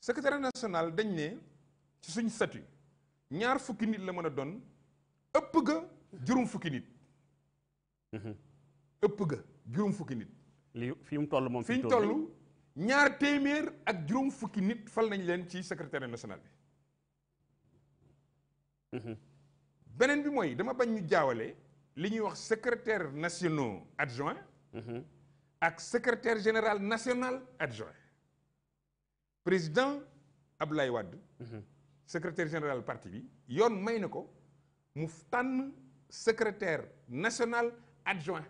secretaire national dañ ne ci suñ statut ñaar fukki nit la mën a doon ëpp ga juróom fukki nit. Mhm. ëpp ga juróom fukki nit. li fi mu toll moom fi ñu toll ñaar téeméer ak juróom fukki nit fal nañ leen ci secrétaire national bi. Mhm. beneen bi mooy dama bañ ñu jaawale li ñuy wax secretaire nationaux adjoint. Mhm. ak secrétaire général national adjoint. président Abdoulaye Wade. Mhm. secrétaire général parti bi yoon may ko mu secrétaire national adjoint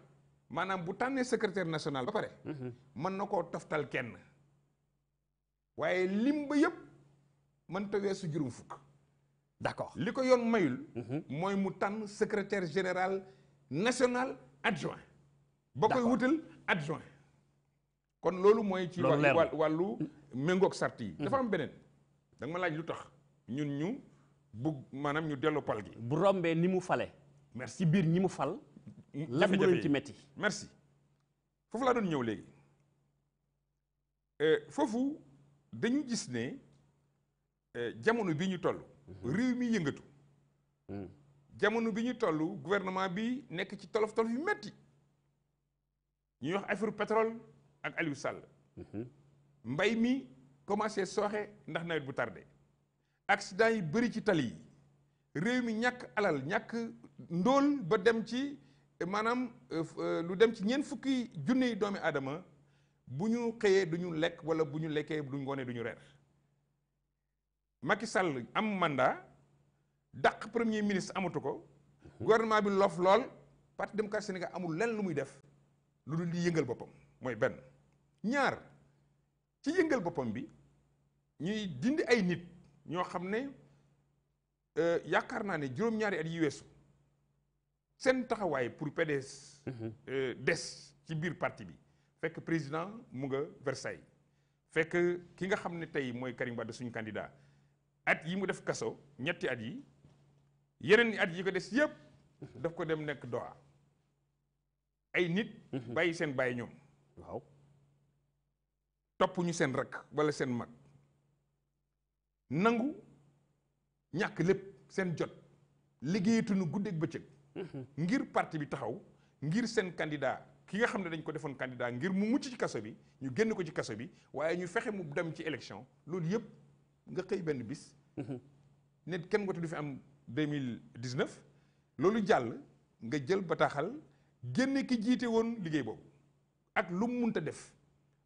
manam bu tànnee secrétaire national ba pare. Mhm. mën na koo toftal kenn waaye lim ba yëpp mënta weesu d'accord Liko ko mayul. Mhm. mooy mu secrétaire général national adjoint. ba koy adjoint. kon loolu mooy. ci wàllu méngook sart yi. Hmm. dafa am beneen da ma laaj lu tax ñun ñu bugg maanaam ñu delloo pal gi. bu rombee ni mu fale. merci ci biir ñi mu fal. Hmm, lan mu leen ci métti. merci foofu laa doon ñëw léegi euh, foofu dañu gis ne euh, jamono bi ñu toll. Hmm. réew mi yëngatu. jamono bi ñu toll gouvernement bi nekk ci tolof tolof yu métti ñuy wax affaire pétrole ak Aliou Sall. mbay mi commencé sooxe ndax nawet bu tardé accident yi bëri ci tali réew mi alal nyak nol ba dem ci maanaam euh, euh, lu dem ci ñeent fukki junne yi doomi aadama bu ñu xëyee du wala bu ñu lekkee du ngoonee du Macky Sall am mandat dak premier ministre amutoko, ko gouvernement bi loof lool parti démocratique Sénégal amul lenn lu muy def lu dul di yëngal ñaar ci yëngal boppam bi ñuy dindi ay nit ñoo xam ne euh, yaakaar naa ne juróom-ñaari at yi weesu seen taxawaay pour PDS mhm. euh, des ci biir parti bi fekk président mu nga Versailles fekk ki nga xam ne tey mooy Karim Wade suñu candidat at yi mu def kaso ñetti at yi yeneen at yi ko des yëpp mhm. daf ko dem nekk ay nit mhm. bàyyi seen bàyyi ñoom waaw topp ñu seen rakk wala seen mag nangu ñàkk lépp seen jot liggéeyatu liggéeyatuñu guddeeg bëccëg mhm. ngir parti bi taxaw ngir seen candidat ki nga xam ne dañ ko defoon candidat ngir mu mucc ci kaso bi ñu génn ko ci kaso bi waaye ñu fexe mu dem ci élection loolu yëpp nga xëy benn bis mhm. ne kenn watu du fi am 2019 loolu jàll nga jël bataaxal génne ki jiite woon liggéey boobu ak lu mu munta def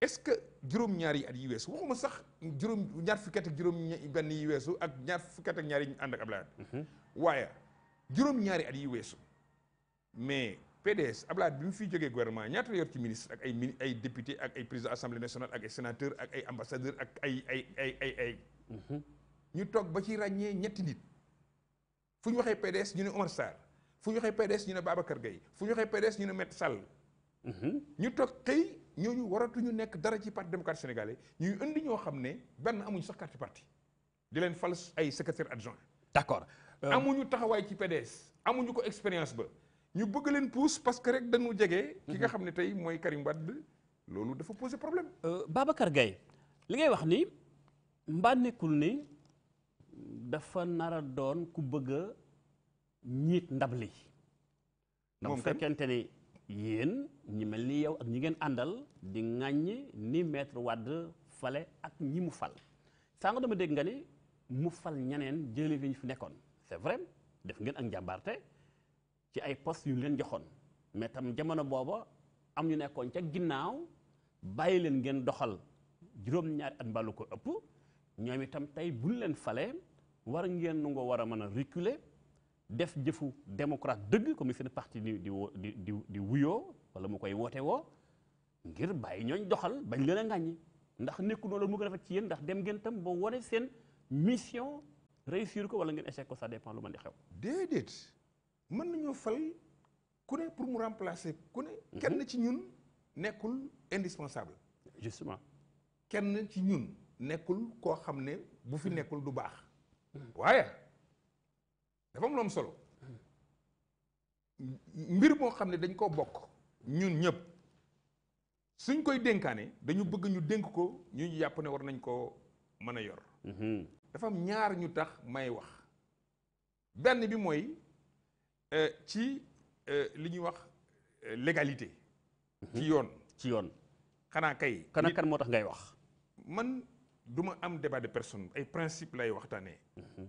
est-ce que juróom ñaari at yi weesu waxuma sax juróom ñaar fukki at ak juróom benn yi weesu ak ñaar fukki at ak ñaari ñu ak Ablaye mhm. waaye juróom ñaari at yi weesu mais PDS Ablaye bi mu fi jógee gouvernement ñaata la yor ci ministre ak ay mini ay député ak ay président assemblée nationale ak ay sénateur ak ay ambassadeur ak ay ay ay ay ay mhm. ñu toog ba ci ràññee ñetti nit fu ñu PDS ñu ne Omar Sarr fu ñu PDS ñu ne Babacar Gueye fu ñu PDS ñu ne Maître Sall Mm-hmm. ñu toog xëy ñooñu ñu nekk dara ci parti démocratique sénégalais ñuy indi ñoo xam ne benn amuñu sax carte parti di leen fal ay secrétaire adjoint d'accord euh, amuñu taxawaay ci PDS amuñu ko expérience ba ñu bëgg leen pousse parce que rek dañu jege. ki nga mm-hmm. xam ne tey mooy Karim Wade loolu dafa poser problème. Euh, Babacar Gaye li ngay wax nii mbaa nekkul ni dafa nar a doon ku bëgg a ñiit ndab li. moom bu fekkente ni. yéen ñi mel ni yow ak ñi ngeen àndal di ŋàññi ni maître wàdd fale ak ñi mu fal saa nga dama dégg nga ni mu fal ñeneen jële fi ñu fi nekkoon c'est vrai def ngeen ak njàmbaarte ci ay post yu leen joxoon mais tam jamono booba am ñu nekkoon ca ginnaaw bàyyi leen ngeen doxal juróom-ñaari at mbalu ko ëpp ñoom itam tey buñ leen fale war ngeen nu nga war a mën a reculer def jëfu démocrate dëgg comme seen parti di di di di wuyoo wala mu koy woote woo ngir bàyyi ñooñ doxal bañ leen a ŋàññi ndax nekku noonu mu ko defal ci yéen ndax dem ngeen tam boo wane seen mission réussir ko wala ngeen échec ko ça dépend lu mën di xew. déedéet mën nañoo fal ku ne pour mu remplacer ku ne. Mhm. kenn ci ñun nekkul indispensable. justement kenn ci ñun nekkul koo xam ne bu fi mhm. nekkul du baax. waaye. dafa am lu solo mbir moo xam ne dañ ko bokk ñun ñëpp suñ koy dénkaane dañu bëgg ñu dénk ko ñu yàpp ne war nañ ko mën a yor mhm. dafa ñaar ñu tax may wax benn bi mooy euh, ci euh, li ñuy wax euh, légalité mhm. ci yoon ci yoon xanaa kay kanakan moo tax ngay wax man duma am débat de personne ay principe lay waxtaanee mhm.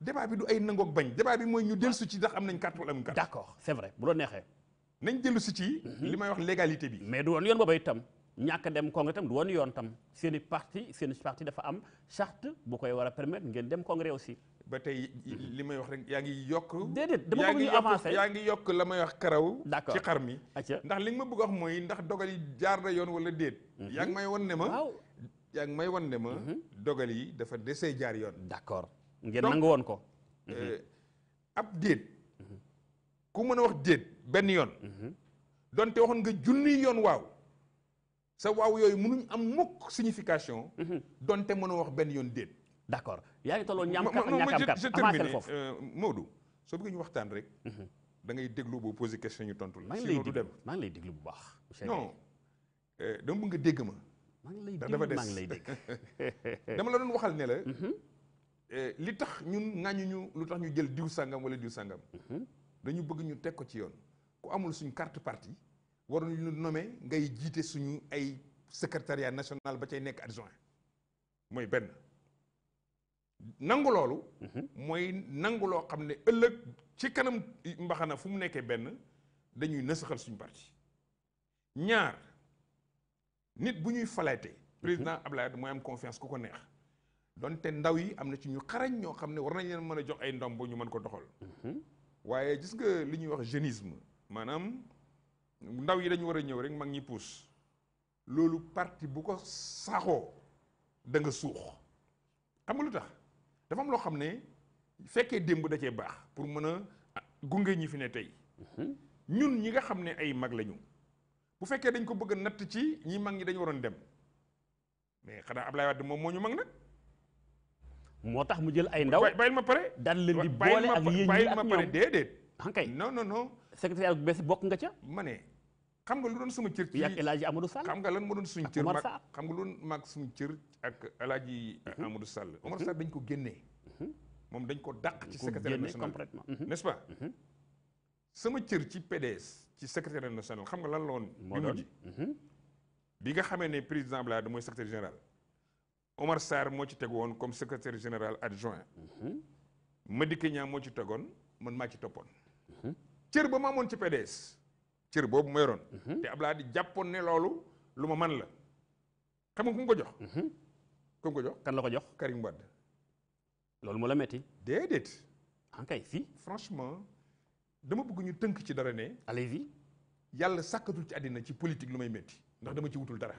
débat bi du ay nangoog bañ débat bi mooy ñu dellusi ci ndax am nañ carte wala am carte. d' accord c' est vrai bu la neexee. nañ dellusi ci. Mhm. li may wax légalité bi. mais du woon yoon booba itam ñàkk dem congrès itam du woon yoon tam seen parti seen parti dafa am charte bu koy war a permettre ngeen dem congrès aussi. ba tey li may wax rek yaa ngi yokk. déedéet dama bëgg ñu avancer yaa ngi yokk la may wax karaw. d' accord ci xar mi. ndax li nga ma bëgg wax mooy ndax dogal yi jaar na yoon wala déet. Mhm. yaa ngi may wan ne ma. waaw ngi may wan ne ma. Mhm. dogal yi dafa desee jaar yoon. d' ngeen nangu woon ko. Euh, mhm. ab déet mhm. ku mën a wax déet benn yoon. Mhm. donte waxoon nga junni yoon waaw. sa waaw yooyu mënuñ am mukk signification. donte mën a wax benn yoon déet. d'accord yaa ngi tolloon ñaam kat ak ñàkk kat avancé foofu euh, ñu waxtaan rek. da ngay déglu boo posé question tontu maa ngi lay déglu bu baax. non euh, dama bëgg nga dégg ma. maa ngi lay dégg lay dégg dafa des dama la doon waxal ne Eh, li tax ñun ñu lu tax ñu jël diw sàngam wala diw sàngam. Mhm. dañu bëgg ñu teg ko ci yoon. ku amul suñ carte parti waroon ñu nommer ngay jiite suñu ay secrétariat national ba cay nekk adjoint mooy benn. nangu loolu. Mhm. mooy nangu loo xam ne ëllëg ci kanam mbaxana fu mu nekkee benn dañuy nasaxal suñu parti. ñaar nit bu ñuy falaatee. Mhm. président Abdoulaye Wade mooy am confiance ku ko neex. donte ndaw yi am na ci ñu xarañ ñoo xam ne war nañ leen mën a jox ay ndomb ñu mën ko doxal mhm. waaye gis nga li ñuy wax jeunisme maanaam ndaw yi dañu war a ñëw rek mag ñi puus loolu parti bu ko saxoo da nga suux xam lu tax dafa am loo ne fekkee da cee baax pour mën a ah, ñi fi ne tey mhm. ñun ñi nga ne ay mag lañu bu fekkee dañ ko bëgg a ci ñi mag ñi dañu waroon dem mais xanaa Ablaye Wade moom moo ñu mag nag moo tax mu jël ay ndaw bàyyil ma pare daal leen di boole ak yéen ñi ak ñoom déedéet hankay non non non secrétaire bu bees bokk nga ca ma ne xam nga lu doon sama cër ci ak El Hadji Amadou Sall xam nga lan moo doon suñu cër mag xam nga loon maag suñu cër ak El Hadji mhm. Amadou Sall mhm. Omar Sall dañ ko génnee mhm. moom dañ ko dàq ci secrétaire national complètement n'est-ce pas sama cër ci PDS ci secrétaire national xam nga lan la woon bi mujj bi nga xamee ne président Blade mooy secrétaire général Omar Sarr moo ci teg woon comme secrétaire général adjoint Madické Niang moo ci tegoon man maa ci toppoon cër ba ma amoon ci PDS cër boobu ma yoroon te Abdoulaye di jàppoon ne loolu lu ma man la xam nga ko jox ku jox kan la ko jox Karim Wade loolu moo la metti déedéet en ah, kay fii franchement dama bëgg ñu tënk ci dara ne allez-y yàlla sàkkatul ci àddina ci politique lu may métti ndax dama ci wutul dara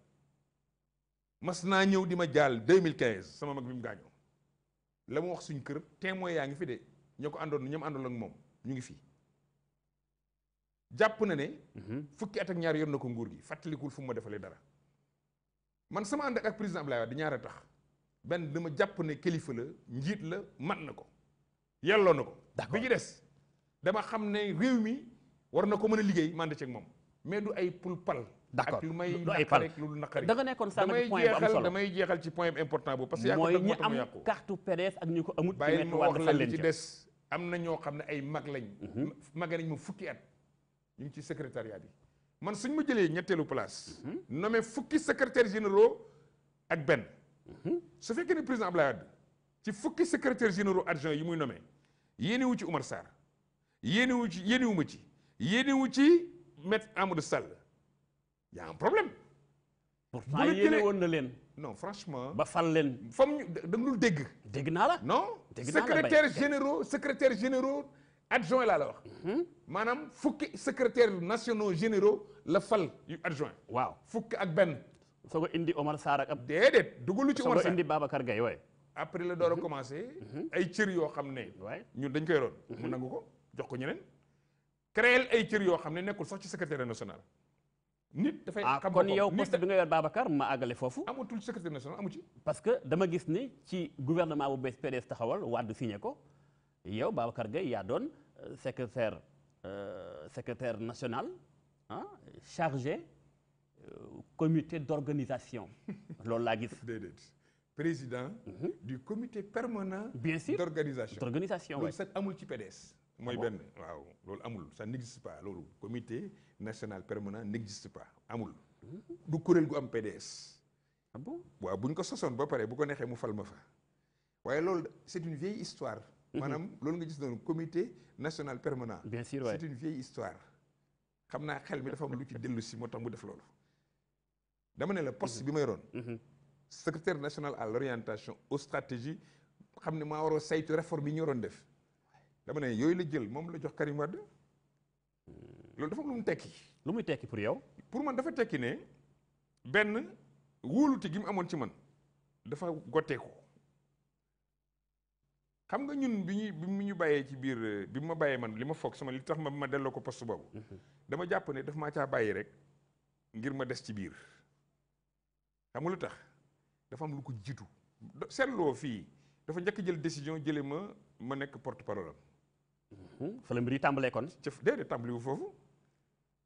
mas naa ñëw di ma 2015 sama mag bi mu gaañoo la mu wax suñ kër témoin yaa ngi fi de ñoo ko àndoon mom, àndoon ak moom ñu ngi fi jàpp na ne. Mhm. fukki at ak ñaar yor na ko nguur gi fàttalikul fu mu ma dara. man sama ànd ak président Abdoulaye Wade ñaara tax benn dama jàpp ne kilifa la njiit la mat na ko yelloo bi ñu des dama xam ne réew mi war na ko liggéey mànd ci ak mais du ay pal. d'accord lu ay pal da nekkoon sànq point bu damay jeexal ci point important boobu parce que mooy ñi am carte PDS ak ñi ko amul bàyyi ma wax la des am na ñoo xam ne ay mag lañ mhm. mag nañ ma fukki at ñu ngi ci secrétariat bi man suñ ma jëlee ñetteelu place mhm. nommé fukki secrétaire généraux ak benn mhm. su fekkee ne président Abdoulaye Wade ci fukki secrétaire généraux adjoint yi muy nommé yéene ci Oumar Sarr yéene ci yéene ci yéene wu ci maître Amadou Sall y a un problème. pourtant yéene woon un leen. non franchement. ba fal leen. fam ñu da nga la non. secrétaire général, secrétaire général, adjoint alors. la wax. Mhm. secrétaire national généraux le fal adjoint. Wow. Fouk ak Ça soo ko indi Omar Sarak ak ab. déedéet dugalu ci Omar Sarak. indi Babacar Gueye waay. après le door a mhm. commencé. Mhm. ay cër yo xamné ne. ñun dañ koy ron mu nangu jox ko ñeneen. créer ay cër yo xamné nekul sax ci secrétaire national nit dafay ah, xam kon yow poste bi nga yor Babacar ma àggale foofu. amatul secrétaire national amu ci. parce que dama gis ni ci gouvernement bu bees PDS taxawal Wade signé ko yow Babacar Gueye yaa doon euh, secrétaire euh, secrétaire national ah chargé euh, comité d'organisation loolu laa gis. président. Mhm. du comité permanent. bien sûr d'organisation d'organisation. loolu sax amul ci PDS. mooy ah benn waaw loolu amul ça n'existe pas loolu comité national permanent n'existe pas amul. du kuréel gu am PDS. ah bon waaw bu ñu ko sosoon ba pare bu ko neexee mu fal ma fa. waaye loolu c'est une vieille histoire. Mhm. maanaam lol, nga gis noonu comité national permanent. bien sûr c'est une vieille histoire. xam naa xel mi dafa am lu ci dellu si moo tax mu def loolu. dama ne la poste mhm. bi ma yoroon. Mhm. secrétaire national à l'orientation aux stratégies xam ne maa waroo saytu réforme yi ñu waroon def. dama ne yooyu la jël moom la jox Karim Wade. Hmm. loolu dafa lu mu tekki. lu muy tekki pour yow. pour man dafa tekki ne benn wóolute gi mu amoon ci man dafa gotteeku xam nga ñun bi ñuy bi mu ñu bàyyee ci biir bi ma bàyyee man li ma foog sama li tax ma ma delloo ko poste boobu. Mhm. dama jàpp ne daf maa caa bàyyi rek ngir ma des ci biir xam nga tax dafa am lu ko jiitu seetloo fii dafa njëkk jël décision jële ma ma nekk porte parole am. Mhm. fa la mbir yi tàmbalee kon. ca déedéet tàmbaliwu foofu.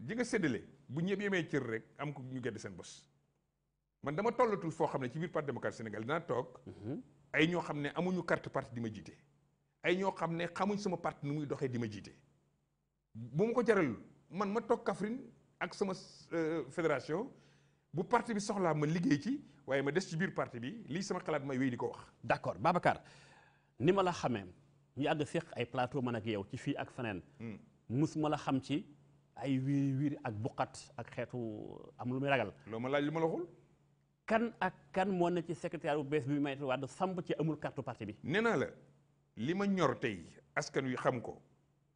ji nga séddale bu ñëpp yemee cër rek am ko ñu gedd seen bos man dama tollatul foo xam ne ci biir parti démocratique Sénégal dinaa toog mhm. ay ñoo xam ne amuñu carte parti di ma jiite ay ñoo xam ne xamuñ sama parti nu muy doxee di ma jiite bu ma ko jaralul man ma toog Kaffrine ak sama euh, fédération bu parti bi soxlaa ma liggéey ci waaye ma des ci biir parti bi lii sama xalaat may wéy di ko wax d'accord Babacar ni ma la xamee ñu àgg séq ay plateau man ak yow ci fii ak feneen hmm. la xam ci ay wiiri wiir ak buqat ak xeetu am lu muy ragal. loo ma laaj lu ma la waxul. kan ak kan moo ne ci secrétaire bu bees bi may Wade samp ci amul kartu parti bi. nee naa la li ma ñor tey askan wi xam ko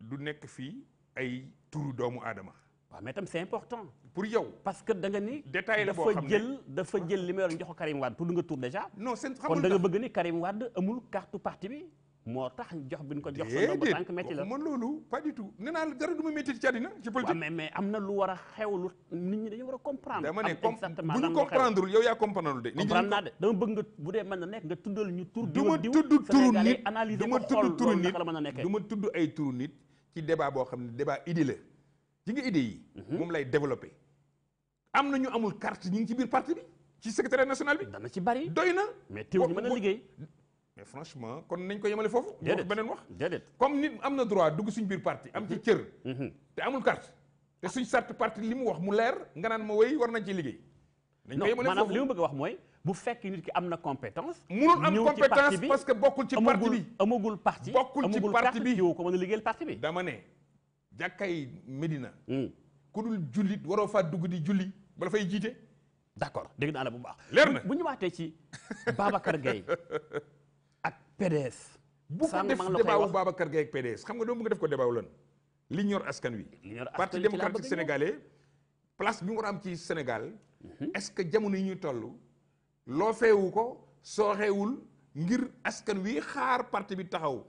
du nekk fii ay turu doomu aadama. waaw mais tam c'est important. pour yow parce que da nga ni. détail la boo xam ne dafa jël dafa jël li may wax jox ko Karim Wade tudd nga tur deja non seen xamul kon da nga bëgg ni Karim Wade amul kartu parti bi. moo tax jox bi ñu ko jox sa ndombo tànk métti la man loolu pas du tout nee naa du ma métti ci àddina ci politique mais mais am na lu war a xew lu nit ñi dañu war a comprendre dama ne bu ñu comprendre yow yaa comprendre de comprendre naa de dama bëgg nga bu dee mën na nekk nga tuddal ñu tur du ma tudd turu nit analyser ko xool turu nit la a nekkee du ma tudd ay turu nit ci débat boo xam ne débat idée la ji nga idée yi mhm. moom lay développé am na ñu amul carte ñu ngi ci biir parti bi ci secrétaire ci bari doy na mais teewul ñu mën a liggéey mais franchement kon nañ ko yemalé fofu benen wax déedéet. comme nit amna droit dugg suñ biir parti am ci cieur mm-hmm. te amul carte te suñ carte parti limu wax mu leer nga naan ma wéy war nañ ci liggéey. nañ ko yemale foofu maanaam bëgg wax moy bu fekk nit ki amna compétence. mënul am compétence parce que bokul ci parti bi amagul parti bokul ci parti bi amagul ko mën a parti bi. dama né jakkay Medina. Mm. ku dul jullit waroo faa dugg di julli bala fay jité d'accord accord dégg naa la bu baax. leer na bu ñu waté ci Babacar gay PDS. bu ko def débat wu Babacar Gueye ak PDS xam nga doo mu bëgg def ko débat wu lan li ñor askan wi. li ñor askan wi parti démocratique sénégalais place bi mu war a am ci Sénégal. Mhm. est-ce que jamono yi ñuy tollu loo feewu ko sooxeewul ngir askan wi xaar parti bi taxaw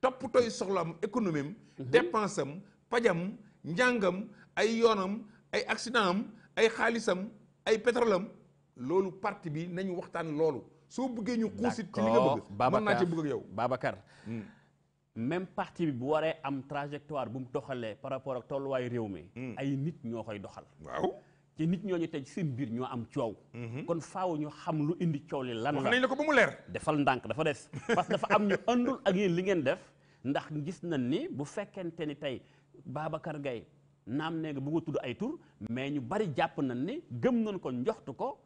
toppatooy soxlaam économie am. Mhm. dépense am pajam njàngam ay yoonam ay accident am ay xaalisam ay pétrole loolu parti bi nañu waxtaan loolu. soo bëggee ñu xuusit ci li nga bëgg mën naa ci bëgg ak yow Babacar hmm. même parti bi bu waree am trajectoire bu mu doxalee par rapport ak tolluwaayu réew mi hmm. ay nit ñoo koy doxal waaw ci nit ñoo ñu ñooñu tey seen biir ñoo am coow hmm. kon faaw ñu xam lu indi coow li lan la wax nañ la ko ba mu leer defal ndànk dafa des parce que dafa am ñu andul ak yéen li ngeen def ndax gis nañ ni bu fekkente ni tey Babacar gay naam ne nga bëgg tudd ay tur mais ñu bari jàpp nañ ni gëm nañ ko njoxtu ko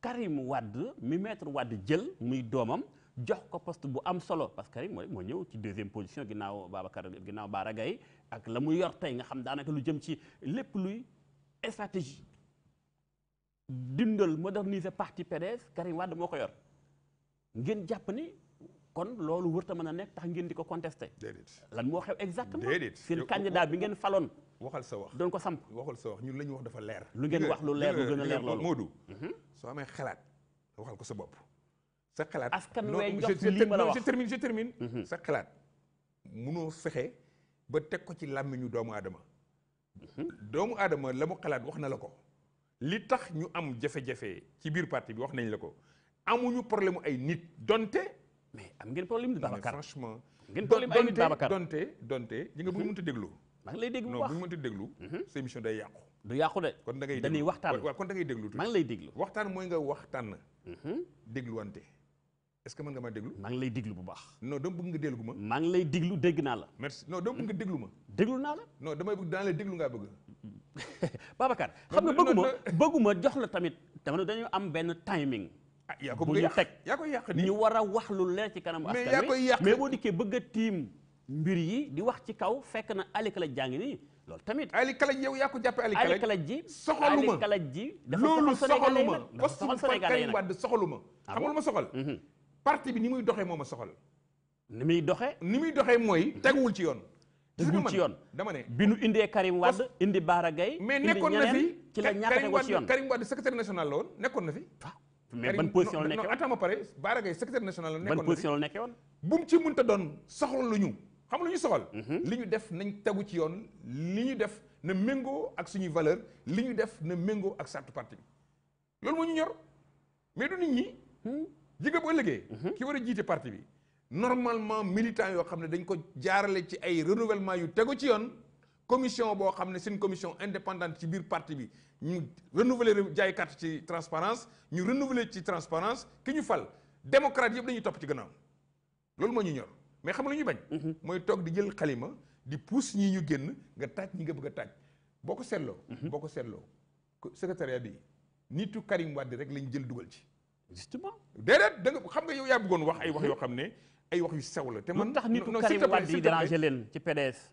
Karim Wad, mi maître Wade Djel, muy doomam jox ko poste bu am solo parce que Karim est ci deuxième position ginnaaw Babacar ak la yor tay nga xam lu jëm stratégie dindal moderniser parti PDS Karim Wade moko yor kon loolu wërta mën a tax ngeen di ko contesté lan moo xew exactement seen candidat bi ngeen faloon waxal sa wax doon ko samp waxal sa wax ñun la ñu wax dafa leer lu ngeen wax lu leer lu gën a leer loolu Modou mhm. soo amee xalaat waxal ko sa bopp sa xalaat askan wee njox li ma la wax je termine je termine mhm. sa xalaat munoo fexe ba teg ko ci làmmiñu doomu aadama mhm. doomu aadama la mu xalaat wax na la ko li tax ñu am jafe-jafe ci biir parti bi wax nañ la ko amuñu problème ay nit donte mais am ngeen problème ni Babacar franchement ngeen problème ay nit donte donte nga bu ñu déglu maa ngi lay déglu bu wax non bu déglu mhm. émission day yàqu du yàqu de kon da ngay dañuy waxtaan waaw kon da déglu maa lay déglu waxtaan mooy nga waxtaan mhm. dégluwante est-ce que mën nga ma déglu maa ngi lay déglu bu baax non dama bëgg nga déglu ma maa lay déglu dégg naa la merci non dama bëgg nga déglu ma déglu naa la non damay bëgg daan la déglu ngaa bëgg Babacar xam nga bëgguma bëgguma jox la tamit dama dañu am benn timing Ah, yaa ko bëgg a teg yaa koy yàq nii ñu war a wax lu leer ci kanam askan wi mais yaa koy yàq mais boo dikkee bëgg a tiim mbir yi di wax ci kaw fekk na Ali Kalaj jàng nii loolu tamit Ali Kalaj yow yaa ko jàppe Ali Kalaj Ali Kalaj ji soxaluma Ali Kalaj ji loolu soxaluma poste bu fa Karim Wade soxaluma ah xam nga lu ma soxal mhm. parti bi ni muy doxee moom ma soxal ni muy doxee ni muy doxee mooy mhm. teguwul ci yoon teguwul ci yoon dama ne bi nu indee Karim Wade indi Baara mais nekkoon na fi ci la ñàkk a tegu ci yoon Karim Wade secrétaire national la nekkoon na fi mais ban position la nekkee ma pare Bara secrétaire national la nekkoon ban position la nekkee woon bu mu ci mënta doon soxla lu ñu xam lu soxal mhm. li def nañ tegu ci yoon li def na mengo ak suñuy valeur li def na mengo ak sartu parti bi loolu moo ñu ñor mais du nit ñi jigéen hmm? bu ëllëgee mhm. ki war a parti bi normalement militant yoo xam ne dañ ko jaarale ci ay renouvellement yu tegu ci yoon commission bo xamné ne seen commission indépendante ci biir parti bi ñu renouveler jaay carte ci transparence ñu renouveler ci transparence ki ñu fal démocrate yeb dañuy top ci gannaaw loolu moo ñu ñor mais xam nga lu ñuy bañ. moy mhm. tok di jël khalima di pousse ñi ñu genn nga taaj ñi nga bëgg taaj boko ko boko mhm. boo ko secrétariat bi nitu Karim Wade rek lañ jël duggal ci. justement déedéet da nga xam nga yow yaa bëggoon wax ay wax mhm. yo xamné ay wax yu sew la. té man non tax nitu Karim Wade yi déranger leen ci PDS.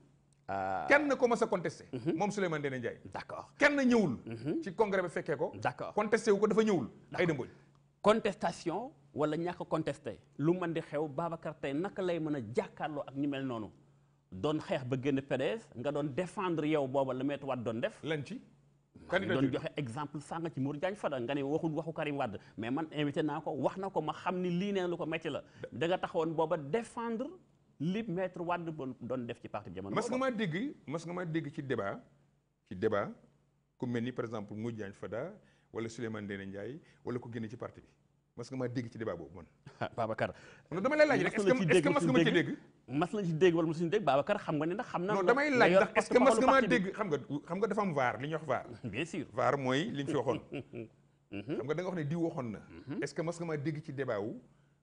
Ah. kenn ko mës a contesté mhm. Mom Souleymane Ndéné Ndiaye d' accord kenn ñëwul mhm. ci congrès ba fekkee ko d' accord contesté wu ko dafa ñëwul ay dëmboñ contestation wala ñàkk contesté lu mën di xew Babacar tey naka lay mën a jàkkaarloo ak ñu mel noonu doon xex ba génn pédès nga doon défendre yow bobu la Maître Wade doon def lan ci doon joxe exemple sang ci Mour Diagne Fada nga ne waxul waxu Karim wad mais man invité nako wax nako ma xamni li lii lu ko metti la da nga taxone bobu défendre li maître Wade doon def ci parti bi jamono. mas nga maa dégg mas nga maa dégg ci débat ci débat ku mel ni par exemple Modou Diagne Fada wala Souleymane Ndéné Ndiaye wala ku génne ci parti bi mas nga maa dégg ci débat boobu man. Ah, Babacar. non dama lay laaj rek est-ce que mas nga ma ci dégg. ne ndax xam naa. maa dégg xam nga xam am vaar li ñuy wax vaar. bien sûr vaar mooy li ñu fi waxoon. xam nga da wax ne di waxoon na. Mhm. est-ce que mas nga maa dégg ci débat wu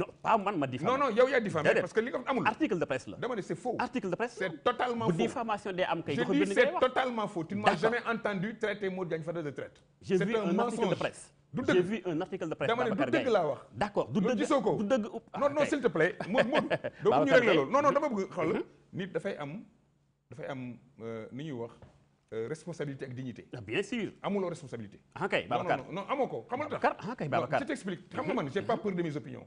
non pas ma diffamé. non non y a diffamé parce que article de presse là. c'est faux. article de presse c'est totalement faux diffamation des je c'est totalement faux tu ne m'as jamais entendu traiter mots Diagne de traite. j'ai vu un article de presse. j'ai vu un article de presse. d'accord du tu non ah, non s'il te plaît Non, non mhm. non euh, euh, responsabilité et dignité. Ah, bien sûr. responsabilité. Ah, non non je t'explique xam pas mhm. peur de mes opinions.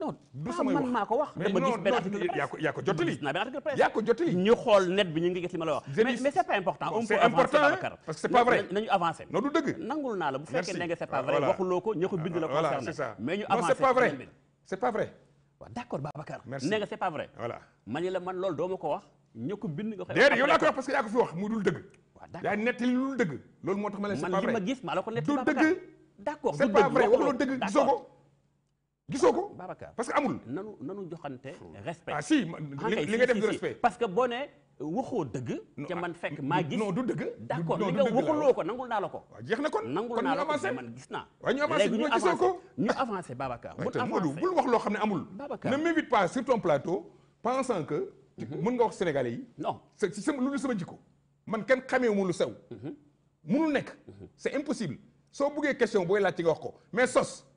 non du samay wax man maa ko wax. dama gis benn article yaa ko yaa ko jottali. yaa ko xool net bi ñu ngi gis li ma la wax. mais mais oh, la ah, d' ah, accord man loolu doo ko wax ña ko bind nga. déedéet yow laa ko wax parce que yaa ko fi wax mu dul dëgg. yaa nettali lu dëgg. loolu moo tax ma ne c' pas vrai man dëgg d' accord du dëgg waxuloo dëgg gisoo parce que amul. nanu nanu joxante hmm. respect. ah si ah, li nga def respect parce que boné waxo deug te man ah, non du D'accord, li nga ah, nangul kon man m'évite pas sur ton plateau. pensant que. Mhm. mën nga sénégalais non C'est sama sama jikko. man ken xamé lu mhm. mhm. impossible question mais sauce.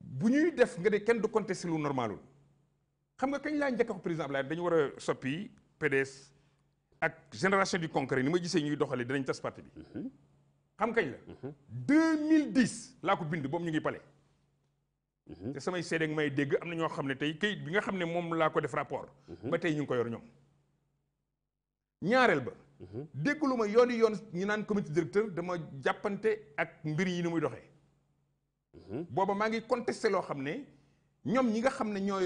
bu ñuy def nga ne kenn du contesté lu normalul xam nga kañ laa njëkk ko président Abdoulaye dañu war a soppi PDS ak génération du concret ni ma gisee ñuy doxalee dinañ tas parti bi. xam kañ la. 2010 laa ko bind boobu ñu ngi pale. te samay seede may dégg am na ñoo xam ne tey kayit bi nga xam ne moom laa ko def rapport. ba tey ñu ngi ko yor ñoom. ñaareel ba. Mhm. déggu lu ma yoon yoon ñu naan comité directeur dama jàppante ak mbir yi ni muy doxee. Mm-hmm. boba maa ngi contesté loo xam ne ñoom ñi nga xam ne ñoo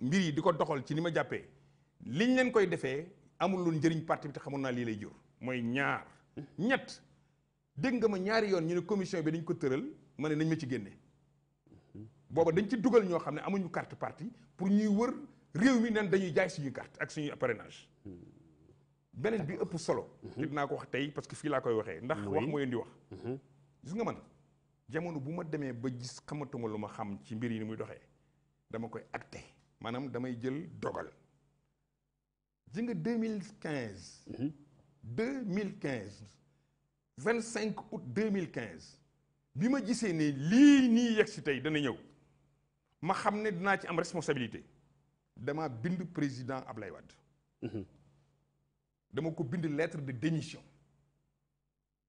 mbir yi di doxal ci ni ma liñ leen koy defee amul lu njëriñ parti bi te xamoon naa lii lay jur mooy ñaar mm-hmm. ñett dégg nga ma ñaari yoon ñu ne commission bi dañ ko ma nañ ma ci mm-hmm. dañ ci dugal ñoo xam ne carte parti pour ñuy wër réew mi nan dañuy jaay suñu carte ak suñu parrainage beneen bi ëpp solo. dinaa ko wax tey parce que fii laa koy ndax wax indi wax. gis nga man. jamono bu ma demee ba gis xamatuma lu ma xam ci mbir yi ni muy doxee dama koy acté maanaam damay jël dogal mhm. août 2015, je quinze bi ma gisee ne lii dana ñëw ma xam ne ci am responsabilité dama bind président Ablaye Wade mhm. dama ko lettre de démission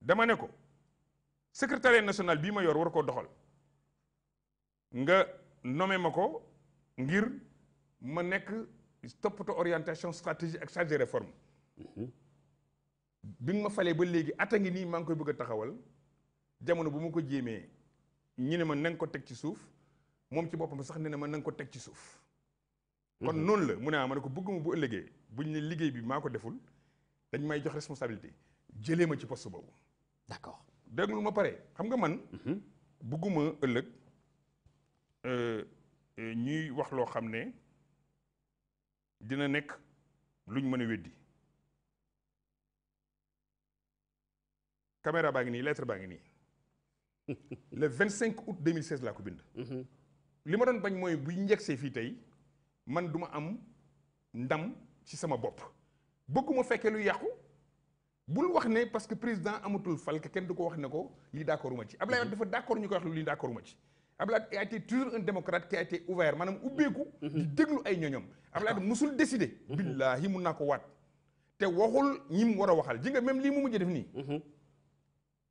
dama ne ko secrétariat national bii ma yor war a koo doxal nga nome ma ko ngir ma nekk toppatoo orientation stratégie ak charge de réforme mhm. bi nga ma falee ba léegi ata ngi nii maa ngi koy bëgg a taxawal jamono bu ma ko jéemee ñu ne ma na ko teg ci suuf moom ci boppam sax ne ne ma na ko teg ci suuf mhm. kon noonu la mu ne ah, ma ne ko bëgguma bu ëllëgee buñ ne liggéey bi maa ko deful dañ may jox responsabilité jëlee ma ci poste boobu d'accord Je ma je xam nga man. Mhm. bugguma euh, euh, ñuy wax dina suis caméra la lettre le 25 août 2016 la ko bind. Mhm. li ma doon je suis bu je suis man suis am ndam ci sama suis bëgguma je bul wax ne parce que président amatul fal kenn du ko wax ne ko lii d' accord ma ci Ablaye Wade dafa d' accord ñu koy wax lii d' accord ma a a été ouvert maanaam ubbeeku di déglu ay ñoñom Ablaye Wade musul décider billaahi ñi mu war a waxal ji nga même lii mu mujj def nii mhm.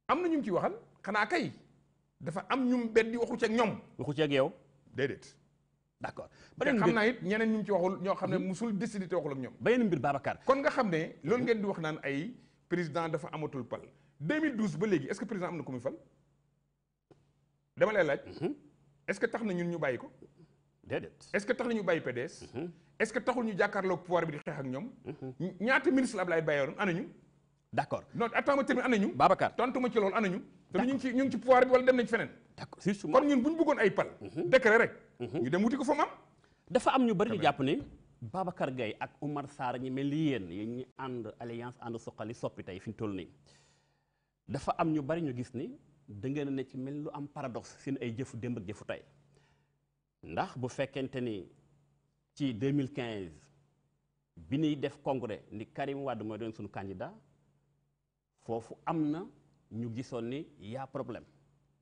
am na ñu mu ci waxal xanaa kay dafa am ñu mu beddi waxu ci ñoom waxu ci ak yow d' accord beneen ñeneen ñu mu waxul ñoo xam ne mhm. musul décider te waxul ak ñoom beneen mbir Babacar kon nga xam ne loolu ngeen di wax naan ay président dafa amatul pal 2012 ba léegi est-ce que président am na ku muy fal dama laaj. Mhm. est-ce que tax na ñun ñu bàyyi ko. déedéet est-ce que tax na ñu bàyyi PDS. Mhm. est-ce que taxul ñu jàkkaarloo pouvoir bi di xeex ak ñoom. Mhm. ñaata ministre la Ablaye Bayoron ana ñu. d'accord non attends ma termine ana ñu. Babacar tontu ma ci loolu ana ñu. te ñu ngi ci ñu ngi ci pouvoir bi wala dem nañ ci feneen. d'accord kon ñun bu ñu bëggoon ay pal. décret rek. ñu dem wuti ko fa mu am. dafa am ñu jàpp ne. Babacar Gaye ak Oumar Sarr ñi mel ni yéen yéen ñi ànd alliance ànd suqali soppi tey fi ñu toll nii dafa am ñu bari ñu gis ni da ngeen ne ci mel lu am paradoxe seen ay jëfu démb ak jëfu tey ndax bu fekkente ni ci 2015 bi ñuy def congrès ni Karim Wade mooy doon suñu candidat foofu am na ñu gisoon ni yaa problème.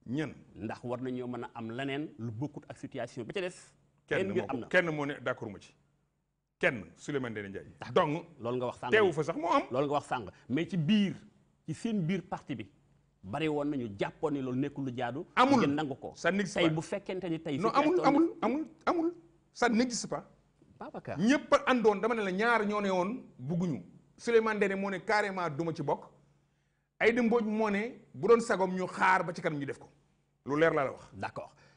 ñen ndax war ñoo mën a am leneen lu bokkut ak situation bi ci des. kenn moo kenn moo ne d'accord ma ci. kenn Souleymane Ndéné Ndiaye donc loolu nga wax sànq teewu fa sax moo am loolu nga wax sànq mais ci biir ci seen biir parti bi bari woon nañu ne loolu lu jaadu amul ngeen nangu ko ça n'existe bu fekkente ni tey non amul amul amul amul ça n'existe pas Babacar ñëpp a àndoon dama ne la ñaar ñoo ne woon bugguñu Souleymane Ndéné ne carrément duma ci bokk Aïda Mbodj moo ne bu doon sagom ñu xaar ba ci kanam ñu def ko lu leer la wax d'accord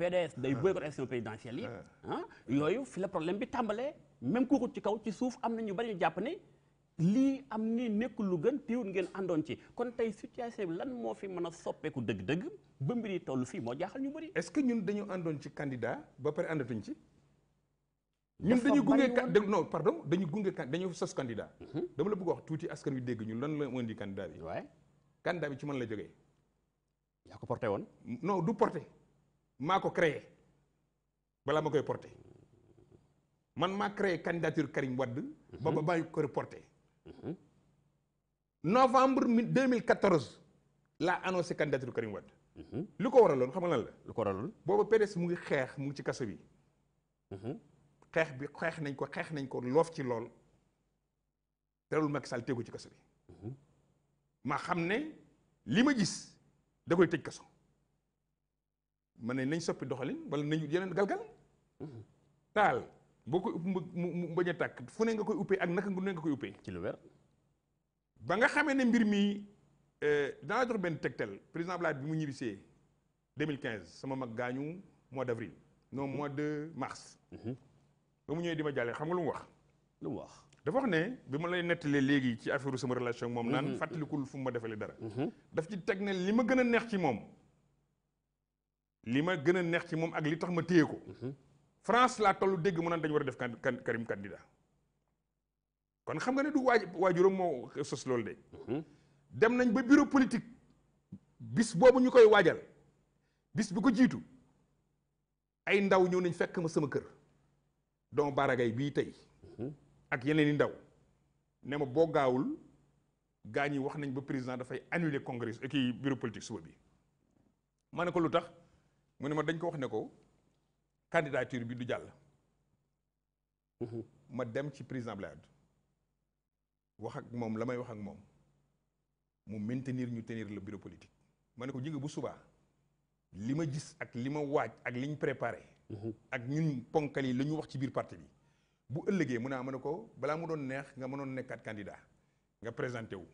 PDS day boycott élection présidentielle yi. ah yooyu fi la problème bi tàmbalee même ku ko ci kaw ci suuf am na ñu bari ñu jàpp ne lii am nii nekkul lu gën teewul ngeen àndoon ci kon tey situation bi lan moo fi mën a soppeeku dëgg-dëgg ba mbir yi toll fii moo jaaxal ñu bëri. est-ce que ñun dañu àndoon ci candidat ba pare àndatuñ ci. ñun dañu gunge non pardon dañu gunge kan dañu sos candidat. Mhm. dama la bëgg wax tuuti askan wi dégg ñun lan la indi candidat bi. waaye candidat bi ci man la jógee. yaa ko porté woon. non du porté. maa ko créé balaa ma koy porté man maa créé candidature Karim Wade. ba ba bàyyi ko reporté. novembre mi 2014 laa annoncé candidature Karim Wade. lu ko waraloon xam nga lan la. lu ko waraloon booba PDS mu ngi xeex mu ngi ci kaso bi. xeex bi xeex nañ ko xeex nañ ko loof ci lool. terewul Macky Sall tegu ci kaso bi. ma xam ne li ma gis da koy tëj kaso. mën nañ nañ soppi doxalin wala nañu yeneen galgal taal boo koy upp mu bañ a tàkk fu ne nga koy uppee ak naka ne nga koy uppee ci lu wér ba nga xamee ne mbir mi euh, danaa jox benn tegtal président Blade bi mu ñibbisee 2015 sama mag gaañu mois d' avril non mhm. mois de mars mhm. ba mu ñëwee di ma jàllee xam nga lu mu wax lu mu wax dafa wax ne bi ma lay nettalee léegi ci affaire sama relation moom naan mhm. fàttalikul fu mu ma defalee dara daf ci teg ne li ma gën a neex ci moom lima ma gën a neex ci moom ak li tax ma téye ko mhm. France laa tollu dégg mu naan dañu war a def kan, kan, Karim candidat kon xam nga ne du waaj waajuram moo sos loolu de mhm. dem nañ ba bureau politique bis boobu ñu koy bis bi ko jiitu ay ndaw ñëw nañ fekk ma sama kër don baragay bii tey mhm. ak yeneen i ndaw ne ma boo gaawul gaa ñi wax nañ ba président dafay annuler congrès kii bureau politique suba bi ma ko lu mu ne ma dañ ko wax ne ko candidature bi du jàll. Mhm. ma dem ci président Abdoulaye Wade wax ak moom la may wax ak moom mu maintenir ñu tenir la bureau politique ma ne ko jege bu subaa li ma gis ak li ma waaj ak li ñu préparé. Mhm. ak ñun ponkal yi la ñu wax ci biir parti bi. bu ëllëgee mun naa ah, ma ne ko balaa mu doon neex nga mënoon nekkaat candidat nga présenté wu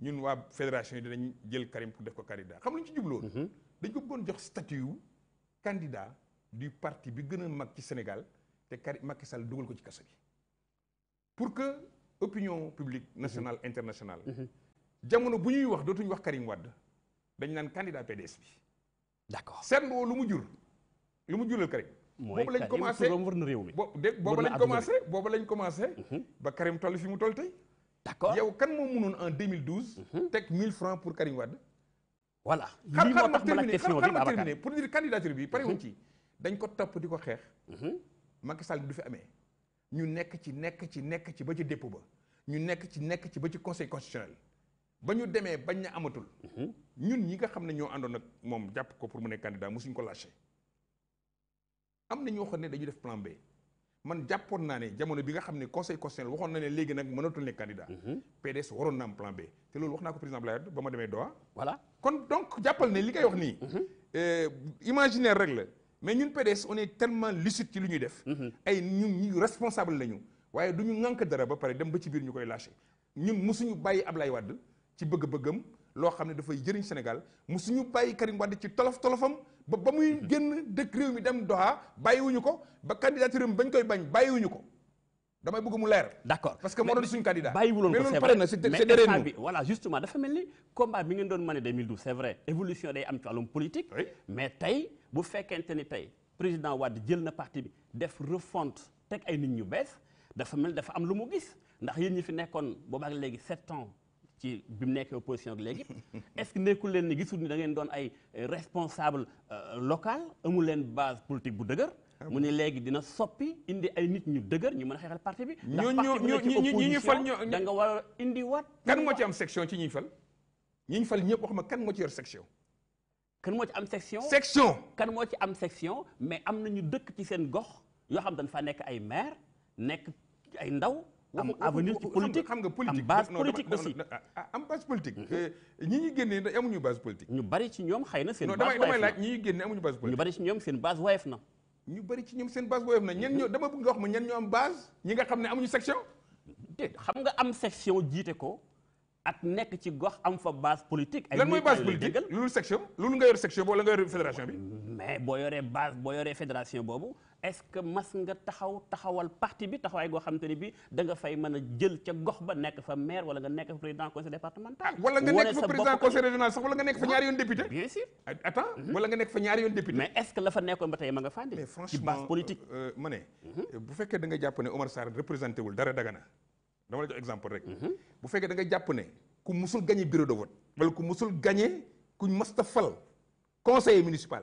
ñun waa fédération yi dinañ jël Karim pour def ko candidat xam lu ñu ci jubloon. Mhm. dañ ko bëggoon jox statut wu candidat du parti bi gën a mag ci Sénégal te Karim Macky Sall dugal ko ci kaso bi pour que opinion publique nationale internationale mhm. Mhm. jamono bu ñuy wax dootuñu wax Karim Wade dañ naan candidat PDS bi d'accord seetloo lu mu jur lu mu jural Karim boobu lañ commencé boobu lañ commencé boobu lañ commencé ba Karim toll fi mu toll tey d'accord yow kan moo mënoon en 2012 mhm. teg 1000 francs pour Karim Wade voilà lii moo tax ma la question bi Babacar terminé pour dire candidature bi pare wuñ mhm. ci dañ ko topp di ko xeex mhm. Macky Sall du fi amee ñu nekk ci nekk ci nekk ci ba ci dépôt ba ñu nekk ci nekk ci ba ci conseil constitutionnel ba ñu demee bañ na amatul mhm. ñun ñi nga xam ne ñoo àndoon ak moom jàpp ko pour mu nekk candidat mosuñ ko lâché am na ñoo xam ne dañu def plan B man jàppoon naa ne jamono bi nga xam ne conseil constitutionnel waxoon na ne léegi nag mënatul ne candidat. Mhm. PDS waroon na am plan B. te loolu wax naa ko président Abdoulaye Wade ba ma demee Doha. voilà kon donc jàppal ne li ngay wax nii. Mhm. Euh, imaginaire rek la mais ñun PDS on est tellement lucide ci lu ñuy def. Mhm. ay ñu responsable nañu waaye du ñu ŋànk dara ba pare dem ba ci biir ñu koy lâché ñun mosuñu bàyyi lay Wade ci bëgg-bëggam. loo xam ne dafay jëriñ Sénégal mu suñu bàyyi Karim Wade ci tolof tolofam ba ba muy mhm. génn dëkk réew mi dem Doha bàyyiwuñu ko ba candidature am bañ koy bañ bàyyiwuñu ko damay bëgg mu leer. d'accord parce que moo doon suñu candidat. bàyyiwuloon ko c'est vrai mais loolu pare c'est derrière nous bi voilà justement dafa mel ni combat bi ngeen doon mené 2012 c'est vrai évolution day am ci wàllum politique. mais tey bu fekkente ni tey président Wade jël na parti bi def refonte teg ay nit ñu bees dafa mel dafa am lu mu gis ndax yéen ñi fi nekkoon boobaak léegi 7 ans ci bim nekk opposition ak léegi est-ce que nekkul leen ni gisul ni da ngeen doon ay responsable euh, local amul leen base politique bu dëgër ah mu ne léegi dina soppi indi ay nit ñu dëgër ñu mën a xeexal parti bi ndax parti bi ñi ñu fal da nga war indi wat kan moo ci am section ci ñuy fal ñiñ fal ñëpp wax ma kan moo ci yor section kan moo ci am section section kan moo ci am section mais am na ñu dëkk ci seen gox yoo xam dañ fa nekk ay maire nekk ay ndaw am avenir ci politique xam nga politique am base politique aussi ah, ah, am base politique euh, ñi ñuy génnee amuñu base politique ñu bari ci ñoom xëy na seen base damay damay laaj ñi ñuy génne amuñu base politique ñu bari ci ñoom seen base woyof na ñu bari ci ñoom seen base woyof na ñen ñoo dama bëgg nga wax ma ñen ñoo am base ñi nga xam ne amuñu section déet xam nga am section jiite ko ak nekk ci gox am fa base politique. ay lan mooy base politique loolu section loolu nga yor section boobu la nga yor fédération bi. mais boo yoree base boo yoree fédération boobu. est ce que mas nga taxaw taxawal parti bi taxawaay goo xamante ni bi da nga fay mën a jël ca gox ba nekk fa maire wala nga nekk fa président conseil départemental wala nga nekk fa président conseil régional sax wala nga nekk fa ah, ñaari yoon député bien sûr attends mhm. wala nga nekk fa ñaari yoon député mais est ce que la fa nekkoon ba tey ma nga fàndi ci base politique euh, euh, ma mhm. euh, bu fekkee da nga jàpp ne Omar Sarr représenté wul dara dagana dama la jox exemple rek mhm. bu fekkee da nga jàpp ne ku musul gagné bureau de vote wala ku musul gagné ku masta conseil municipal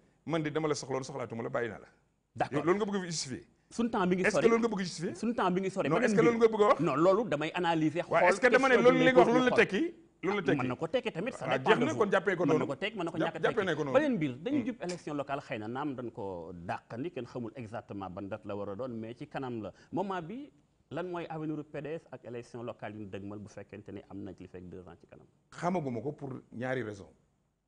man de dama la soxloon soxlaatuma la bàyyi naa la. d'accord loolu nga bëgg a justifier. suñu temps bi ngi sori est-ce loolu nga bëgg a justifier. suñu temps bi ngi sori. non est-ce loolu nga bëgg a wax non loolu damay analyser. xool est-ce que loolu nga wax loolu la tekki. loolu la tekki mën na ko tekki tamit ça ah, dépend jeex na kon ko noonu mën na ko tekki na ko a biir dañu jub élection locale xëy naam dañ ko dàqandi kenn xamul exactement ban date la war a doon mais ci kanam la moment bi lan mooy avenir PDS ak élection locale yu ñu dëgmal bu fekkente ni am na ci li kanam xamaguma ko pour ñaari raison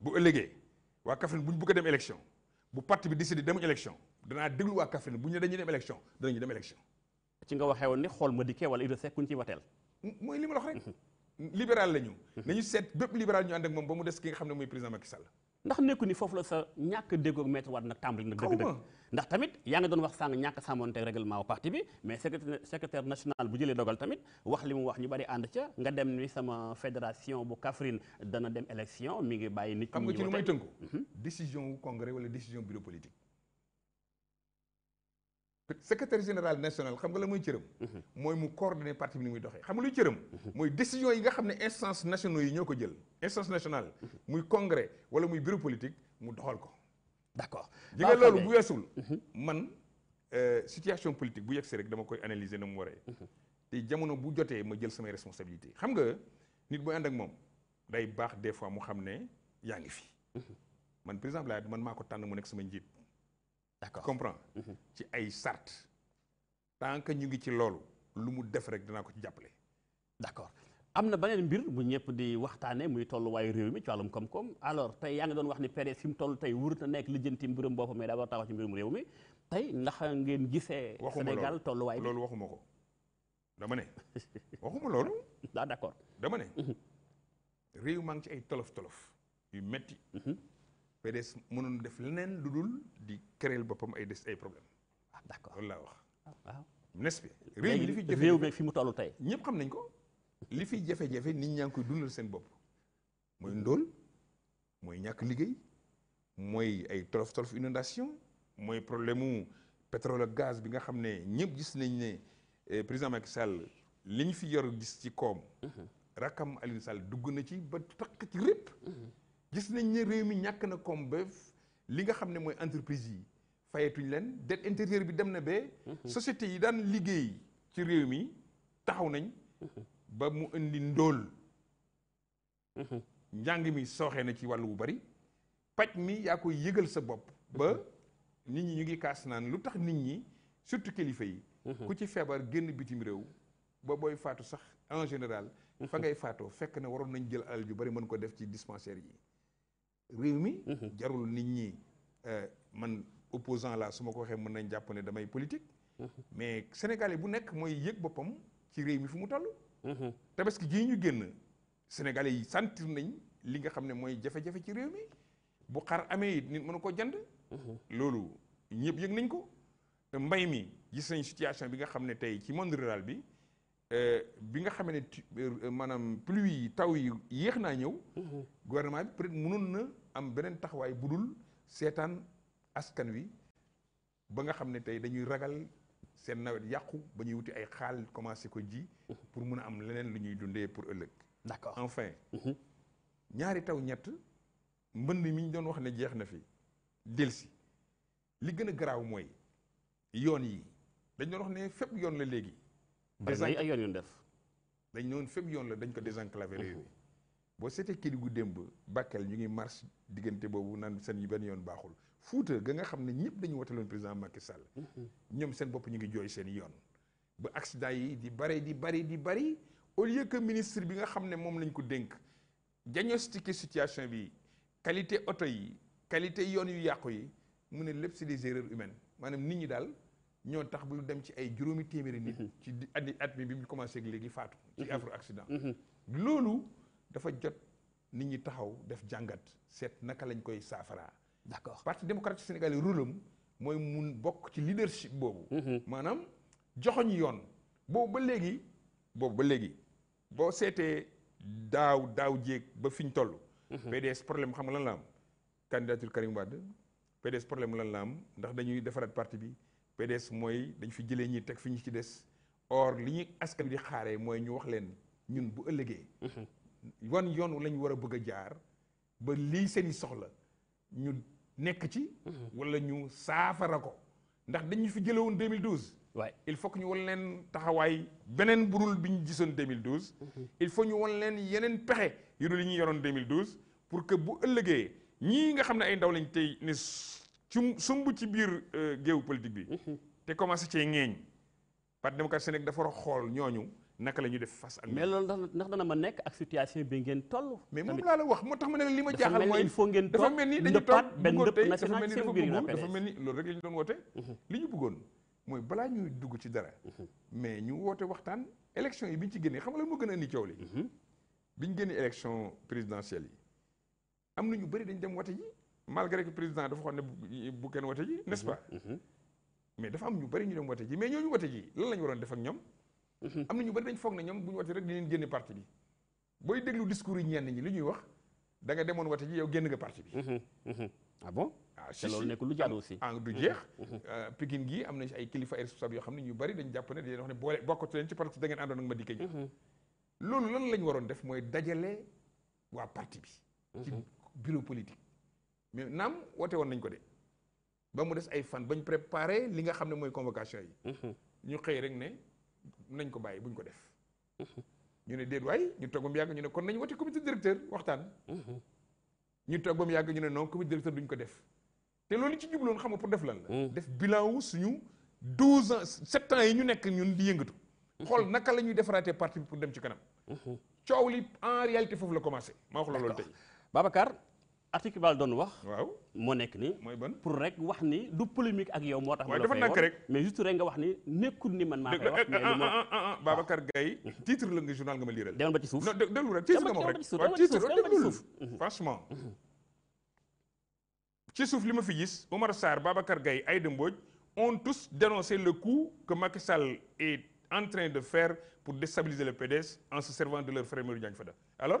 bu ëllëgee wa Kaffrine bu bëgg dem élection bu parti bi décidé demuñu élection dana déglu wa ne dem élection danañu dem élection. ci nga waxé ni ma diké wala kuñ ci de rek. libéral lañu mhm. nañu libéral ñu des ak mom ba mu des ki nga président Macky Sall ndax nekku ni foofu la sa ñàkk déggoo Maître Wade nak tàmbali nag deug dëgg ndax tamit ya nga doon wax sàng ñàkk sàmmonte règlement wu parti bi mais secrétaire secrétaire national bu jëlee dogal tamit wax limu wax ñu bari ànd ca nga dem ni sama fédération bu kafrine dana dem élection mi ngi bayyi nit ñi xam mhm. décision wu congrès wala décision bureau politique secrétaire général national xam nga la mooy cëram moy mhm. mu coordonner parti ni muy doxé xam nga luy cëram moy mhm. décision yi nga xamné instance nationaux yi ñoko jël instance nationale mhm. muy congrès wala muy bureau politique mu doxal ko d'accord ji nga loolu bu weesul man euh, situation politique bu yexsé rek dama koy analyser na mu té jamono bu joté ma jël sama responsabilité xam nga nit mooy and ak mom day baax des fois mu xamné yaangi fi man par exemple man mako ko tànn mu nekk sama njiit d'accord comprends mhm. ci ay sart tant que ñu ngi ci loolu lu mu def rek dina ko ci jàppale d'accord am na neen mbir bu ñëpp di waxtaanee muy tolluwaayu réew mi ci wàllum koom-koom alors tey yaa ngi doon wax ni PDS fi mu toll tey wurut a nekk lijjanti mbirum boppam mais d'abord taxaw ci mbirum réew mi tey ndax ngeen gisee Sénégal tolluwaay bi loolu waxuma ko dama ne waxuma loolu ah d'accord dama ne mhm. réew maa ngi ci ay tolof tolof yu metti mhm. PDS mënoon def leneen lu dul di créer boppam ay des ay problème ah d'accord loolu laa wax. Ah, waaw n'est-ce pas. réew mi li fi jafe réew mi fi mu toll tey. ñëpp xam nañ ko li fi jafe-jafe nit ñaa ngi koy dundal seen bopp mooy ndóol mooy ñàkk liggéey mooy ay tolof tolof inondation mooy problème mu pétrole ak gaz bi nga xam ne ñëpp gis nañ ne eh, président Macky Sall li ñu fi yor gis ci koom. Mhm. rakam Aliou Sall dugg na ci ba takk ci rëpp. Mhm. gis nañ ne réew mi ñàkk na koom ba li nga xam ne mooy entreprise yi fayatuñ leen dette intérieure bi dem na ba. Mhm. société yi daan liggéey ci réew mi taxaw nañ. Mhm. ba mu indi ndóol. Mhm. njàng mi sooxee na ci wàll bu bari paj mi yaa koy yëgal sa bopp. ba nit ñi ñu ngi kaas naan lu tax nit ñi surtout kilifa yi. ku ci feebar génn bitim réew. ba booy faatu sax en général. fa ngay faatoo fekk na waroon nañ jël alal ju bari mën ko def ci dispensaire yi. réew mi mhm. jarul nit ñi euh, man opposant la su ma ko waxee mën nañ jàpp ne damay politique mhm. mais sénégalais bu nekk mooy yëg boppam ci réew mi fu mu toll mhm. tabaski gii ñu génn sénégalais yi sentir nañ li nga xam ne mooy jafe-jafe ci réew mi bu xar amee it nit mënu ko jënd loolu ñëpp yëg nañ ko mbay mi gis nañ situation bi nga xam ne tey ci monde rural bi bi nga xamee ne euh, maanaam pluie yi taw yi yéex naa ñëw. Mhm. gouvernement bi peut-être mënoon na am beneen taxawaay bu dul seetaan askan wi ba nga xam ne tey dañuy ragal seen nawet yàqu ba ñuy wuti ay xaal commencé ko ji. Mhm. pour mun a am leneen lu ñuy dundee pour ëllëg. d'accord enfin. Mhm. ñaari taw ñett mbënd mi ñu doon wax ne jeex na fi delsi li gën a garaaw mooy yoon yi dañ doon wax ne fépp yoon la léegi. désen ay yoon yu def. dañ noonu fépp yoon la dañ ko désenclavé réew mi mhm. boo seetee gu démb Bakel ñu ngi marche diggante boobu naan seen benn yoon baaxul Fuuta ga nga xam ne ñëpp dañu wataloon président Macky Sall. Mhm. ñoom seen bopp ñu ngi jooy seen yoon. ba accident yi di bare di bari di bari au lieu que ministre bi nga xam ne moom lañ ko dénk diagnostiquer situation bi qualité oto yi qualité yoon yu yàqu yi mu ne lépp c'est des erreurs humaines maanaam nit ñi daal. ñoo tax bu dem ci ay juróomi téeméeri nit. Mhm. ci at at mi bi mu commencé ak léegi faatu. ci mhm. afro accident. Mhm. loolu dafa jot nit ñi taxaw def jàngat seet naka lañ koy saafaraa. d'accord parti démocratique sénégalais rôlam mooy mun bokk ci leadership boobu. maanaam joxoñ yoon. boobu ba léegi boobu ba léegi boo seetee daaw daaw jéeg ba fi ñu toll. PDS problème xam nga lan la am. candidature Karim Wade PDS problème lan la am ndax dañuy defaraat parti bi. PDS mooy dañu fi jëlee ñii teg fi ñu ci des or li ñuy askan di xaaree mooy ñu wax leen ñun bu ëllëgee. Mhm. wan yoon lañ war a bëgg a jaar ba lii seen i soxla ñu nekk ci. Mhm. walla ñu saafara ko ndax dañu fi jëlee woon 2012. waay il faut que ñu wan leen taxawaay beneen burul bi ñu gisoon 2012. Mhm. il faut ñu wan leen yeneen pexe yu dul li ñu yoroon 2012 pour que bu ëllëgee ñii nga xam ne ay ndaw lañ tey ne ci sumb ci biir eh, géew politique bi. Mhm. te commencé cee ŋeeñ. parti démocratique Sénégal dafa war a xool ñooñu naka la ñuy def face ak. mais loolu ndax dana ma nekk ak situation bi ngeen toll. mais moom laa la wax moo tax ma ne la li ma jaaxal mooy dafa mel ni dafa mel ni dañu toog dafa mel ni dafa mel ni loolu rek la ñu doon woote. Mhm. li ñu bëggoon mooy balaa ñuy dugg ci dara. Mhm. mais ñu woote waxtaan élection yi bi ci génnee xam nga lan moo gën a coow li. génnee élection présidentielle yi am na ñu bëri dañ dem wate yi malgré que président dafa xoon ne bu kenn wote ji nest pas mhm, mhm. mais dafa am ñu bëri ñu dem wote ji mais ñooñu wote ji lan la ñu waroon def ak ñoom mhm. li ñuy wax da nga demoon wote ji yow génn nga parti ah bon ah, nekk lu jaadu aussi ah du jeex euh, Pikine gi am nañ ay yoo xam ne ñu bëri dañ jàpp ne dañ wax ne boole bokkatu leen ci parti da ngeen àndoon ak ma dikke ñi loolu lan la ñu waroon def mooy dajale waa parti bi ci bureau politique mais naam woote woon nañ ko de ba mu des ay fan bañ préparé li nga xam ne mooy convocation yi. Mhm. ñu xëy rek ne nañ ko bàyyi buñ ko def. Mhm. ñu ne déet waay ñu toog ba mu yàgg ñu ne kon nañ wote comité directeur waxtaan. Mhm. ñu toog ba mu yàgg ñu ne non comité directeur duñ ko def. te loolu ci jubloon xam nga pour def lan la. def bilan wu suñu douze ans sept ans yi ñu nekk ñun di yëngatu. xool naka la ñuy defaraatee parti bi pour dem ci kanam. coow li en réalité foofu la commencé. ma wax la loolu tey article bal doon wax. waaw mo nek ni mooy ban pour rek wax ni du polémique ak yow motax dafa rek mais juste rek nga wax ni nekul ni man ma koy wax. mais li ah, ah, ah, Babacar gay mhm. titre le journal nga ma lire demal ba ci non déglu rek titre nga moom rek waaw titre déglu mhm. franchement. Mhm. ci suuf lima fi gis Omar Sarr Babacar gay Aïda Mbodj ont tous dénoncé le coup que Macky Sall est en train de faire pour déstabiliser le PDS en se servant de leur frère Modou Diagne Fada alors.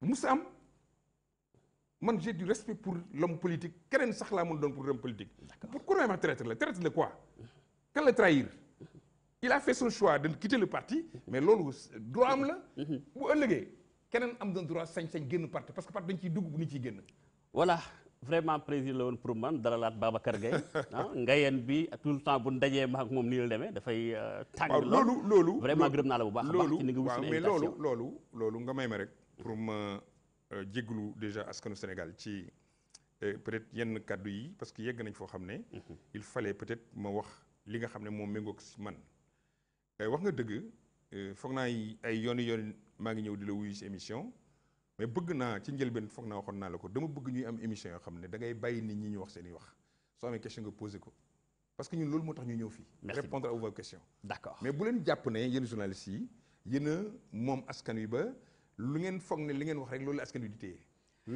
Moussam am j'ai du respect pour l'homme politique Quel est le pour l'homme politique Pourquoi il ma traité? traité quoi le trahir il a fait son choix de quitter le parti mais le droit am la mhm. bu droit sañ-sañ parti parce que parti dañ de bu voilà vraiment Président, le pour man ah, tout le temps bu ma vraiment pour ma euh, jéglu déjà askanu Sénégal ci euh, peut-être yenn cadeau yi parce que yegg nañ fo xamné mhm. il fallait peut-être ma wax li nga xamné mo mengo méngoog si man. Euh, wax nga deug foog naa ay yoni yoni maa ngi ñëw di la wuyu si émission mais bëgg na ci njëlbeen foog naa waxoon naa la ko dama bëgg ñuy am émission yoo xamné da ngay bàyyi nit ñi ñu wax seen wax so amee question nga poser ko. parce que ñun lool motax ñu ñew fi répondre à vos questions. d'accord mais bu leen japp né yéen journalistes yi yéen mom moom askan wi ba. lu ngeen foog ne li ngeen wax rek loolu askan wi di téye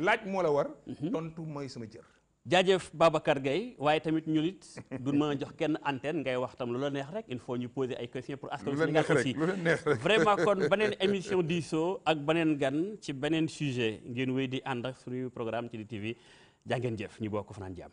laaj moo la war mhm. tontu mooy sama jër jaajëf Babacar Gueye waaye tamit ñu nit duñ mën a jox kenn antenne ngay wax tam lu la neex rek il faut ñu poser ay questions pour askan vraiment kon beneen émission ak beneen gan ci beneen sujet ngeen wéy di ànd ak suñu programme ci di TV jàngeen jëf ñu bokk fanaan jàmm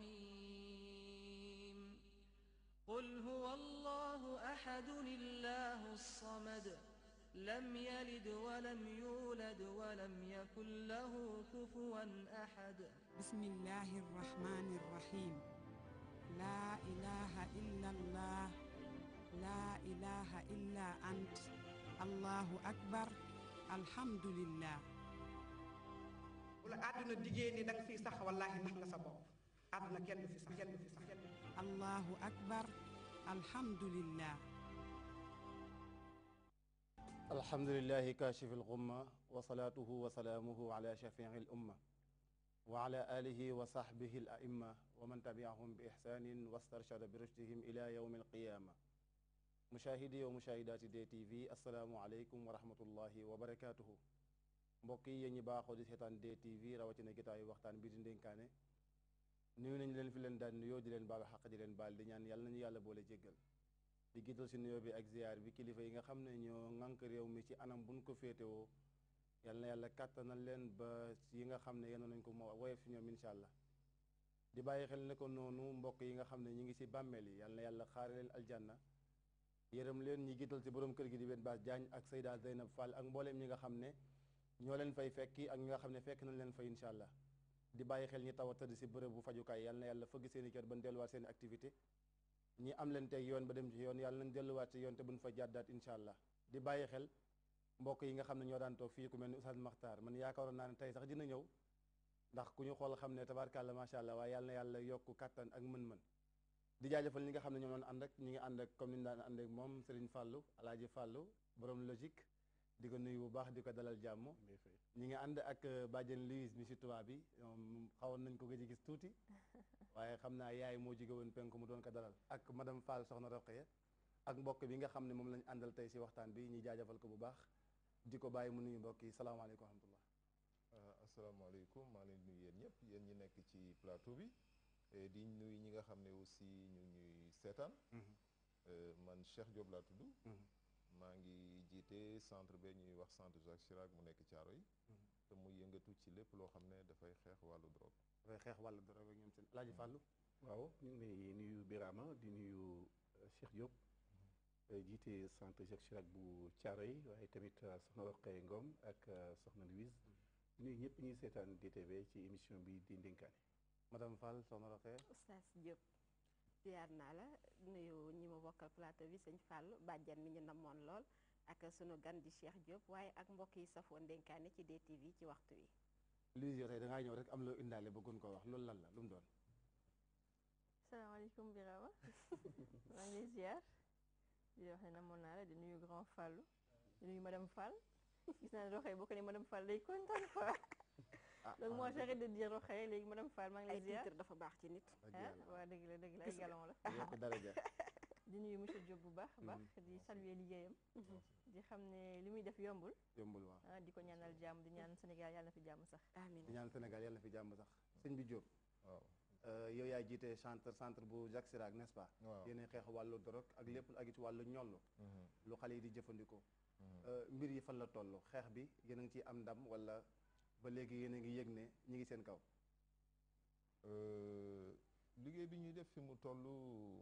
الرحيم قل هو الله أحد الله الصمد لم يلد ولم يولد ولم يكن له كفوا أحد بسم الله الرحمن الرحيم لا إله إلا الله لا إله إلا أنت الله أكبر الحمد لله. ولا أدنى àdduna diggée ni danga fiy sax الله أكبر الحمد لله الحمد لله كاشف الغمة وصلاته وسلامه على شفيع الأمة وعلى آله وصحبه الأئمة ومن تبعهم بإحسان واسترشد برشدهم إلى يوم القيامة مشاهدي ومشاهدات دي تي في السلام عليكم ورحمة الله وبركاته بقي نباخو دي سيطان دي تي في روتي نجتاي وقتان بيدن دين كاني nuyu nañ leen fi leen daan nuyoo di leen baal xaq di leen baal di ñaan yàlla nañu yàlla boole jéggal di giital si nuyoo bi ak ziar bi kilifa yi nga xam ne ñoo ŋànk réew mi ci anam buñ ko féetewoo yàlla na yàlla kàttanal leen ba yi nga xam ne yenoon nañ ko moo woyof ñoom incha allah di bàyyi xel ne ko noonu mbokk yi nga xam ne ñu ngi si bàmmeel yi yàlla na yàlla xaare leen aljanna yërëm leen ñi giital si borom kër gi di benn baas Jaañ ak Sayda Zeynab Fall ak mbooleem ñi nga xam ne ñoo leen fay fekki ak ñi nga xam ne fekk nañ leen fay incha allah di bàyyi xel ñi taw a tëdd si bërëb bu fajukaay yal na yàlla fëgg seen i kër ba ñu delluwaat seen activité ñi am leen tey yoon ba dem ci yoon yàlla nañ delluwaat ci yoon te buñ fa jàddaat incha allah di bàyyi xel mbokk yi nga xam ne daan toog fii ku mel ni Makhtar man yaakaaroon naa ne tey sax dina ñëw ndax ku ñu xool xam ne tabarkàlla macha allah waaye yàlla na ak mën-mën di jaajëfal ñi nga xam ne ñoom doon ak ñi ngi ànd ak comme ñu daan ànd ak moom Serigne Fallou Alaaji Fallou borom logique di ko nuyu bu baax di ko dalal jàmm ñi ngi ànd ak euh, bàjjen Louise mi si tubaab bi xawoon nañ ko nga a gis tuuti waaye xam naa yaay moo jóge penk mu doon ko dalal ak madam Fall soxna Roqaya ak mbokk bi nga xam ne moom lañ àndal tey si waxtaan bi ñu jaajafal ko bu baax di ko bàyyi mu nuyu mbokk yi salaamaaleykum wa rahmatullah euh, maa leen nuyu yéen ñëpp yéen ñi nekk ci plateau bi di nuyu ñi nga xam ne aussi ñu ñuy seetaan mm-hmm. euh, man Cheikh Diop laa tudd mm-hmm. maa ngi jiite centre be ñuy wax centre Jacques Chirac mu nekk Thiaroy yi mm-hmm. te muy yëngatu ci lépp loo xam ne dafay xeex wàllu drogue dafay xeex wàllu drogue ak ñoom seen Alaaji Fàllu mm-hmm. waaw ñu ngi lay nuyu biraama di nuyu euh, Cheikh Diop mm-hmm. euh, jiite centre Jacques Chirac bu Thiaroy yi waaye tamit euh, soxna Roqee Ngom ak soxna Louise nuyu ñëpp ñuy seetaan DTV ci émission bi di ndénkaane madame Fall soxna Roqee Oustaz ziar naa la nuyu ñi ma bokkal plateau bi sëñ Fallou bàjjan mi ñu namoon lool ak sunu gan di Cheikh Diop waaye ak mbokk yi safoon dénkaane ci DTV ci waxtu wi. Liss tey da ngaa ñëw rek am loo indaale bëggoon koo wax loolu lan la lu doon. salaamaaleykum Birama maa ngi lay wax ne namoon naa la di nuyu grand Fallou di nuyu madame Fall gis naa ne doxee boo ko ne madame Fall day kontaan quoi. loolu ah, moo ah, j'arrête de dire roxee léegi madame Fall maa ngi dafa baax ci nit waaw dëgg la dëgg la ay galon la di nuyu monsieur Diop bu baax mm-hmm. baax di saluer liggéeyam di xam ne li muy def yombul yombul waaw ah, di ko ñaanal jàmm di ñaan Sénégal yàlla na fi jàmm sax amiin di ñaan fi jàmm sax mm-hmm. sëñ bi Diop waaw euh, yow yaay jiite centre centre bu Jacques Chirac n'est-ce pas yéen xeex wàllu drogue ak lépp lu aju ci wàllu ñollu mm-hmm. lu xale yi di jëfandikoo euh, mbir yi fan la toll xeex bi yéen a ngi ciy am ndam ba léegi yéen a ngi yëg ne ñi ngi seen kaw euh, liggéey bi ñuy def fi mu toll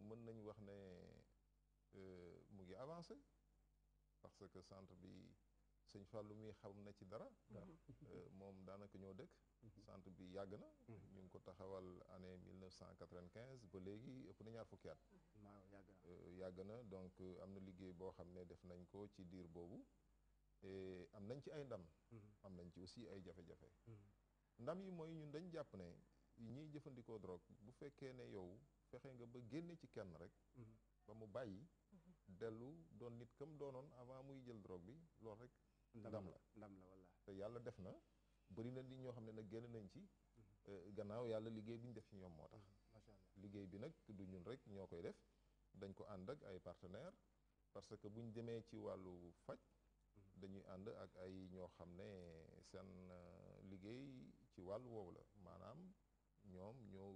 mën nañ wax ne euh, mu ngi avancé parce que centre bi sëñ Fallou mi xam na ci dara euh, moom daanaka ñoo dëkk mhm. centre bi yàgg na mhm. ñu ngi ko taxawal année 1995 ba léegi ëpp na ñaar fukki at yàgg na donc am na liggéey boo xam ne def nañ ko ci diir boobu Eh, am nañ ci ay ndam mm-hmm. am nañ ci aussi ay jafe-jafe mm-hmm. ndam yi mooy ñun dañ jàpp ne ñuy jëfandikoo drogue bu fekkee ne yow fexe nga ba génne ci kenn rek mm-hmm. ba mu bàyyi dellu doon nit kam doonoon avant muy jël drogue bi loolu rek ndam la ndam la walla te yàlla def na bëri na nit ñoo xam ne nag génn nañ ci eh, gannaaw yàlla liggéey bi ñu def ci ñoom moo tax macha allah liggéey bi nag du ñun rek ñoo koy def dañ ko ànd ak ay partenaires parce que bu ñu demee ci wàllu faj dañuy ànd ak ay ñoo xam ne seen euh, liggéey ci wàllu woowu la maanaam ñoom ñoo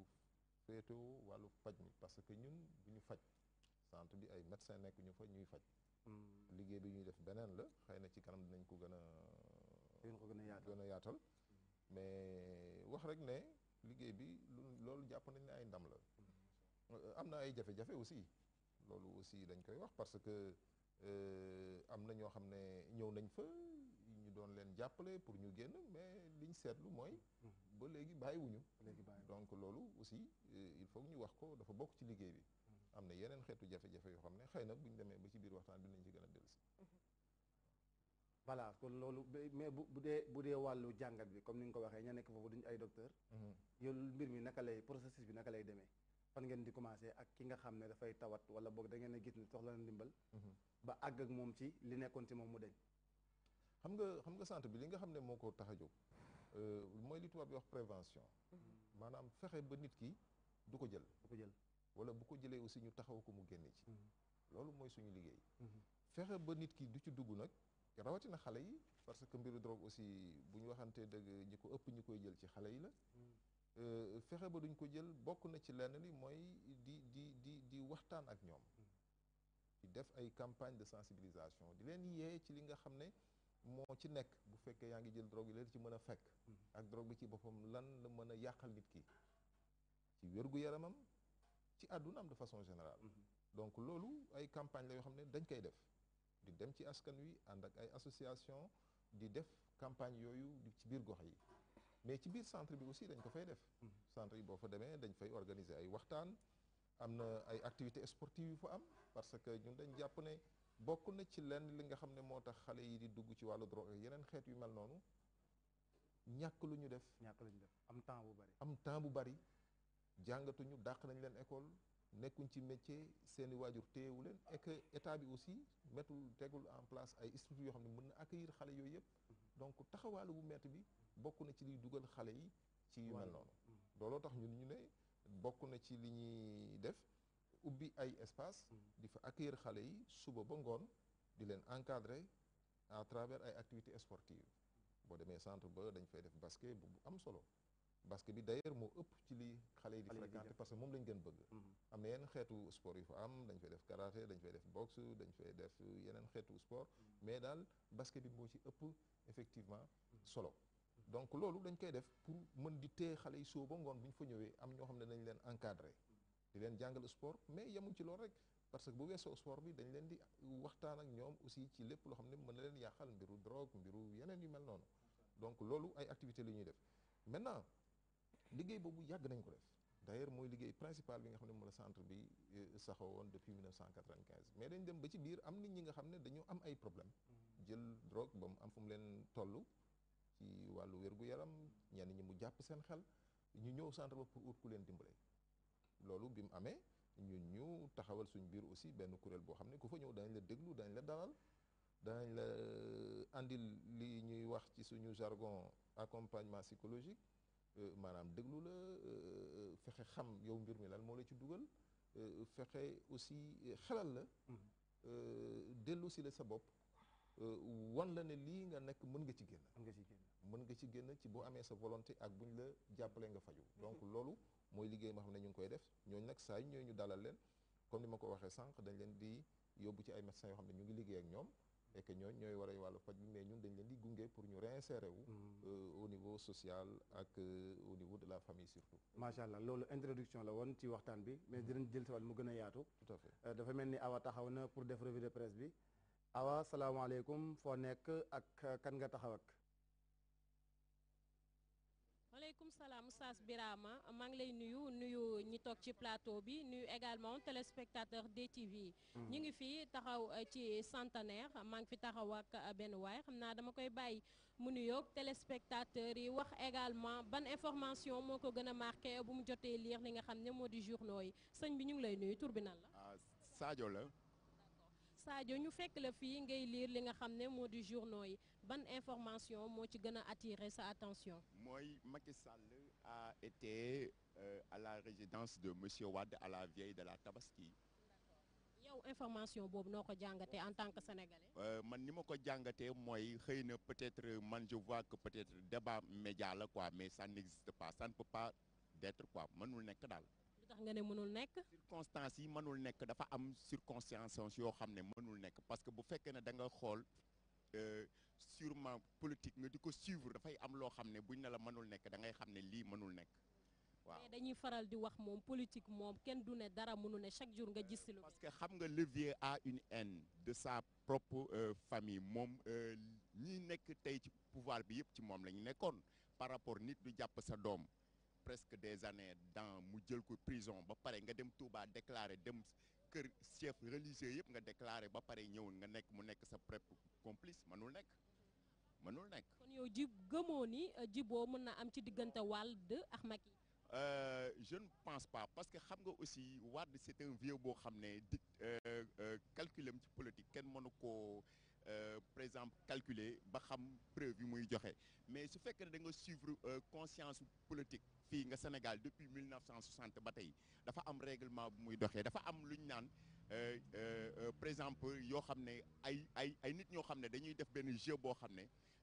féetewoo wàllu faj mi parce que ñun bu ñu faj sant bi ay médecin nekk ñu fa ñuy faj hmm. liggéey bi ñuy def beneen la xëy na ci kanam dinañ ko gën a gën a yaatal mais wax rek ne liggéey bi loolu jàpp nañ ne ay ndam la hmm. euh, am na ay jafe-jafe aussi loolu aussi dañ koy wax parce que Euh, am na ñoo xam ne ñëw nañ fa ñu doon leen jàppale pour ñu génn mais liñ seetlu mooy mhm. ba léegi bàyyiwuñu donc loolu aussi euh, il faut ñu wax ko dafa bokk ci liggéey bi mhm. am na yeneen xeetu jafe-jafe yoo xam ne xëy na bu ñu demee ba ci biir waxtaan bi dinañ ci gën a dellusi mhm. voilà kon loolu mais bu bu dee bu dee wàllu jàngat bi comme ni nga ko waxee ña nekk foofu duñu ay docteur yow mbir mi naka lay processus bi naka lay demee fan ngeen di commencé ak ki nga xam ne dafay tawat wala boog da ngeen a gis ne soxla na ndimbal mhm. ba àgg ak moom ci li nekkoon ci moom mu deñ xam nga xam nga sant bi li nga xam ne moo ko tax a jóg euh, mooy li tubaab yi wax prévention mhm. maanaam fexe ba nit ki du ko jël du ko jël wala bu ko jëlee aussi ñu taxaw ko mu génne ci mhm. loolu mooy suñu liggéey fexe ba nit ki du ci dugg nag rawatina xale yi parce que mbiru drogue aussi bu ñu waxantee dëgg ñi ko ëpp ñu koy jël ci xale yi la Euh, fexe ba duñ ko jël bokk na ci lenn li mooy di di di di waxtaan ak ñoom hmm. di def ay campagne de sensibilisation di leen yee ci li nga xam ne moo ci nekk bu fekkee yaa ngi jël drogue yi leen ci mën a fekk hmm. ak drogue bi ci boppam lan la mën a yàqal nit ki ci wér-gu-yaramam ci àddunaam de façon général hmm. donc loolu ay campagne la yoo xam ne dañ koy def di dem ci askan wi ànd ak ay association di def campagne yooyu ci biir gox yi mais ci biir centre bi aussi dañ ko fay def hmm. centre yi boo fa demee dañ fay organiser ay waxtaan am na ay activité sportives yu fa am parce que ñu dañ jàpp ne bokk na ci lenn li nga xam ne moo tax xale yi di dugg ci wàllu drogue yeneen xeet yu mel noonu ñàkk lu ñu def ñàkk lu ñu def am temps bu bari am temps bu bari jàngatuñu dàq nañ leen école nekkuñ ci métier seeni waajur téyewu leen et état bi aussi mettul tegul en place ay structures yoo xam ne mën na accueillir xale yooyu yëpp donc taxawaalu bu metti bi bokk na ci li dugal xalé yi ci yu mel noonu mm. looloo tax ñun ñu né bokk na ci li ñi def ubbi ay espace mm. di fa accueillir xalé yi suba ba ngone di len encadrer à travers ay activités sportives bo démé centre ba dañ fay def basket bu am solo basket bi d'ailleurs moo ëpp ci li xale yi di fréquenté parce que moom lañ gën bëgg mm-hmm. am na yeneen xeetu sport yu fa am dañ fay def karaté dañ fay def boxe dañ fay def yeneen xeetu sport mm-hmm. mais daal basket bi moo ci ëpp effectivement mm-hmm. solo donc loolu dañ koy def pour mën di téye xale yi soo ba ngoon bu ñu fa ñëwee am ñoo xam ne dañ leen leen jàngal sport mais yemuñ ci loolu rek parce que bu weesoo sport bi dañ leen di waxtaan ak ñoom aussi ci lépp loo xam ne mën na leen yàqal mbiru drogue mbiru yeneen yu mel noonu donc loolu ay activité la ñuy def maintenant liggéey boobu yàgg nañ ko def d'ailleurs mooy liggéey principal bi nga xam ne la centre bi eh, saxoo woon depuis 1995 mais dañ dem ba ci bir am nit ñi nga xam ne dañu am ay problème jël drogue ba mu am fu mu leen toll ci wàllu wér-gu-yaram ñenn ñi mu jàpp seen xel ñu ñëw centre ba pour ut ku leen dimbale loolu bi mu amee ñun ñu taxawal suñ biir aussi benn kuréel boo xam ne ku fa ñëw dañ la déglu dañ la dalal dañ la euh, andil li ñuy wax ci suñu jargon accompagnement psychologique Euh, maanaam déglu la euh, euh, fexe xam yow mbir mi lan moo la ci dugal fexe aussi xelal la mm-hmm. dellu si la sa bopp wan la ne lii nga nekk mën nga ci génn mën nga ci génn ci boo amee sa volonté ak ñu la jàppalee nga faju mm-hmm. donc loolu mooy liggéey moo xam ne ñu ngi koy def ñooñ nag saa yu ñooy ñu dalal leen comme ni ma ko waxee sànq dañ leen di yóbbu ci ay médecins yoo xam ne ñu ngi liggéey ak ñoom et que ñooy war a wàllu paj bi mais ñun dañ leen di gunge pour ñu réinsérer mm. euh, au niveau social ak euh, au niveau de la famille surtout. macha allah loolu introduction la woon ci waxtaan bi. mais mm. dinañ jël si mu gën a yaatu. tout à fait euh, dafa mel ni Awa taxaw na pour def revue de presse bi. Awa salaamaaleykum foo nekk ak kan nga taxaw maaleykum salam Oustaz Birama ma ngi lay nuyu nuyu ñi tok ci plateau bi nuyu également téléspectateur DTV. Hmm. ñi ngi fi taxaw euh, ci centenaire mang ngi fi taxaw ak euh, ben way xamna dama koy bàyyi mu nuyu téléspectateur yi wax également ban information moko gëna marqué bu mu joté lire li nga xamné modi di journaux señ bi ñu ngi lay nuyu tur bi nan la. ah Sadio la. Sadio ñu fekk la fi ngay lire li nga xamné modi journaux ban information moi ci gën attirer sa attention. moi Macky Sall a été euh, à la résidence de monsieur Wade à la vieille de la Tabaski. yow information Bob Noko ko en tant que sénégalais. Euh, man ni ma ko jàngatee mooy xëy peut-être man je vois que peut-être débat média quoi mais ça n'existe pas ça ne peut pas d'être quoi mënul nekk daal. lu nga ne mënul nekk. circonstances yi mënul nekk dafa am circonstances yoo ne mënul parce que bu fekkee ne da nga xool. Euh, sûrement politique nga diko suivre suivre fay am lo xamné ne buñ la mënul nek da ngay xamné li lii mënul nekk mais dañuy faral di wax mom politique mom kenn du né dara mënu né chaque jour nga gis. lu parce que xam nga levier a une haine de sa propre euh, famille mom euh, ñi nek tay ci pouvoir bi yépp ci mom lañu ñu par rapport nit du japp sa doom. presque des années dans mu jël ko prison ba paré nga dem Touba déclaré dem kër chef religieux yépp nga déclaré ba paré ñëw nga nek mu nek sa propre complice mënul nekk mënul nekk. kon yow ji gëmoo ni euh, jiboo mën na am ci diggante de ak Macky. Euh, je ne pense pas parce que xam nga aussi Wade c' est un vieux boo xam ne di euh, calculam ci politique kenn mënu koo par exemple calculer ba xam preuve yi muy joxe mais su fekkee ne da nga suivre conscience politique fii nga Sénégal depuis 1960 ba tey dafa am règlement bu muy doxee dafa am lu ñu naan. Euh, euh, par exemple yoo xam ne ay ay ay nit ñoo xam ne dañuy def benn jeu boo xam ne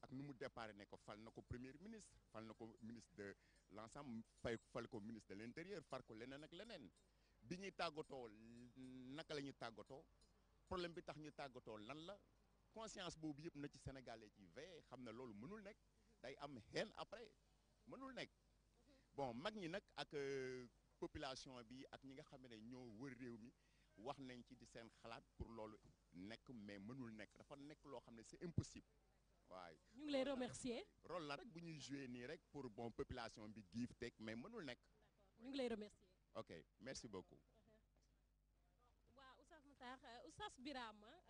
ak nu départ premier ministre ministre de l'ensemble fal ministre de l'intérieur far ko leneen ak leneen bi ñuy tàggatoo naka la problème bi tax ñu la conscience na sénégalais ci ne mënul day am après bon mag ñi euh, population bi ak ñi nga ñoo wër mi wax nañ ci pour mais mënul dafa c'est impossible waay ñu ngi lay remercier rôle la rek bu ñuy joué nii rek pour bon population bi giif mais mënul nekk ñu ngi lay remercier ok merci beaucoup uh-huh. waaw Oustaz Makhtar uh, Oustaz Birama uh,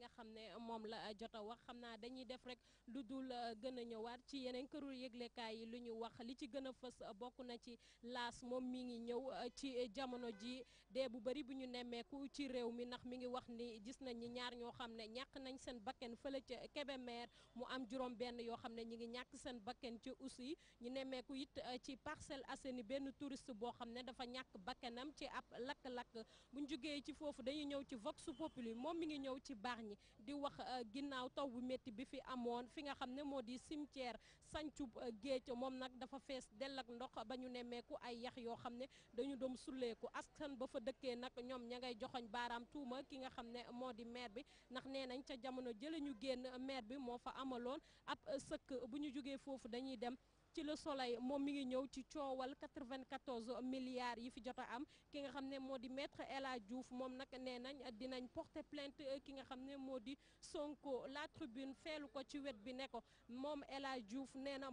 nga xam ne moom la jot a wax xam naa dañuy def rek lu dul euh, gën a ñëwaat ci yeneen këru yëglekaay yi lu ñu wax li ci gën a fës euh, bokk na ci laas moom mi ngi ñëw euh, ci jamono ji dee bu bëri bu ñu nemmeeku ci réew mi ndax mi ngi wax ni gis nañ ñi ñaar ñoo xam ne ñàkk nañ seen bakken fële ca Kébémer mu am juróom benn yoo xam ne ñi ngi ñàkk seen bakken ci aussi ñu nemmeeku it ci Parcelles Assainies benn touriste boo xam ne dafa ñàkk bakkenam ci ab lakk-lakk buñ jógee ci foofu dañuy ñi di wax euh, ginnaaw taw bu métti bi fi amoon fi nga xam ne moo di cimetière sancub euh, géej moom nag dafa fees dell ak ndox ba ñu nemmeeku ay yax yoo xam ne dañu doom suleeku askan ba fa dëkkee nag ñoom ña ngay joxoñ baaraam tuuma ki nga xam ne moo di maire bi ndax nee nañ ca jamono jële ñu génn maire bi moo fa amaloon ab euh, sëkk bu ñu jógee foofu dañuy dem ci le soleil mom mi ngi ñew ci ciowal 94 milliards yi fi jot am ki nga xam modi maître El Diouf mom nak nenañ dinañ porter plainte euh, ki nga xam modi Sonko la tribune fait ko ci wet bi ne ko moom El Diouf nena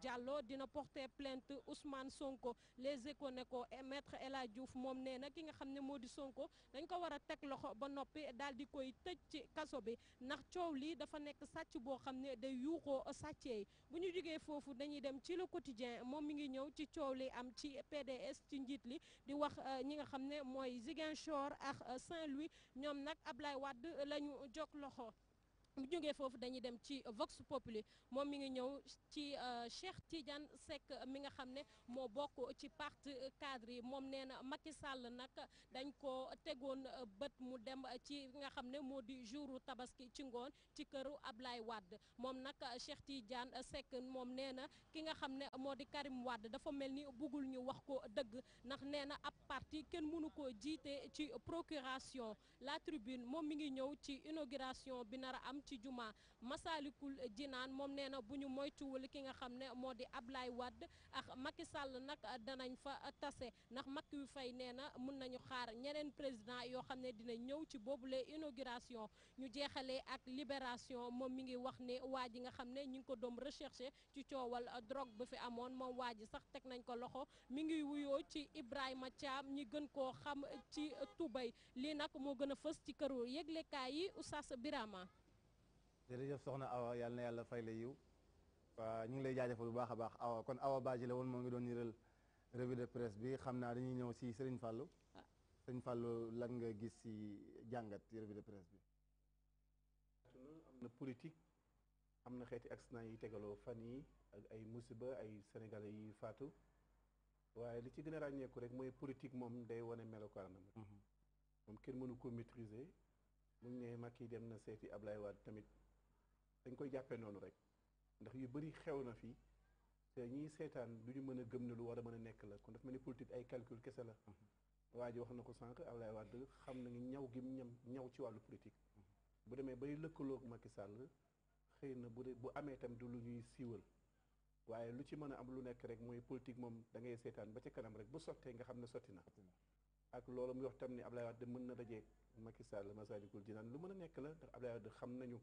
Diallo dina porter plainte Ousmane Sonko les éco ne ko eh, maître El Diouf mom nena na ki nga modi Sonko dañ ko wara tek loxo ba nopi dal di koy tëj ci kaso bi nak ciow li dafa nek sàcc boo xam day dañuy dem ci le quotidien moom mi ngi ñëw ci coow li am ci PDS ci njiit li di wax euh, ñi nga xam ne mooy Ziguinchor ak euh, Saint-Louis ñoom nag ab Wade la ñu jog loxo. bu jógee foofu dañuy dem ci Vox Populi moom mi ngi ñëw ci euh, Cheikh Tidiane Seck mi nga xam ne moo bokk ci parti cadre yi moom nee na Macky Sall nag dañ koo tegoon euh, bët mu dem ci nga xam ne moo di jouru tabaski ci ngoon ci këru Ablaye Wade moom nag euh, Cheikh Tidiane Seck moom nee na ki nga xam ne moo di Karim Wade dafa mel ni bëggul ñu wax ko dëgg ndax nee na ab parti kenn mënu ko jiite ci procuration la tribune moom mi ngi ñëw ci inauguration bi nar am ci juma Masalikul naan moom nee na bu ñu moytuwul ki nga xam ne moo di ab lay Wade ak Macky sàll nag danañ fa tase ndax Macky Faye nee na mun nañu xaar ñeneen président yoo xam ne dina ñëw ci boobu boobule inauguration ñu jeexale ak libération moom mi ngi wax ne waa ji nga xam ne ñu ngi ko doom recherché ci coowal drogue bu fi amoon moom waa ji sax teg nañ ko loxo mi ngi wuyoo ci Ibrahima Thiam ñi gën koo xam ci Toubay lii nag moo gën a fës ci këru yëglekaay yi Oustaz Birama jërëjëf soxna Awa yal na yàlla fay la yiw waa ñu ngi lay jaajëfal bu baax a baax Awa kon Awa Badji la woon moo ngi doon niral revue de presse bi xam naa dañuy ñëw si Serigne Fallou ah. Serigne Fallou lan nga gis si jàngat revue de presse bi. am na politique am na xeeti accident yi tegaloo fan yi ak ay musiba ay sénégalais yi faatu waaye li ci gën a ràññeeku rek mooy politique moom day wane melokaanam. Mhm. moom kenn mënu ko maîtriser mu ne Macky dem na seeti Ablaye Wade tamit. dañ koy jàppee noonu rek ndax yu bëri xew na fii te ñiy seetaan du ñu mën a gëm ne lu war a mën a nekk la kon daf mel ni politique ay calcul kese la mhm. waa ji wax na ko sànq Abdoulaye Wade xam na ñaw gi ñam ñaw ci wàllu politique mhm. bu demee bay lëkkaloog Macky Sall xëy na bu dee bu amee tam du lu ñuy siiwal waaye lu ci mën a am lu nekk rek mooy politique moom da ngay seetaan ba ci kanam rek bu sottee nga xam ne sotti na ak loolu mu wax tam ni Abdoulaye Wade mën na dajeeg Macky Sall Massalikul Jinaan lu mën a nekk la ndax Abdoulaye xam nañu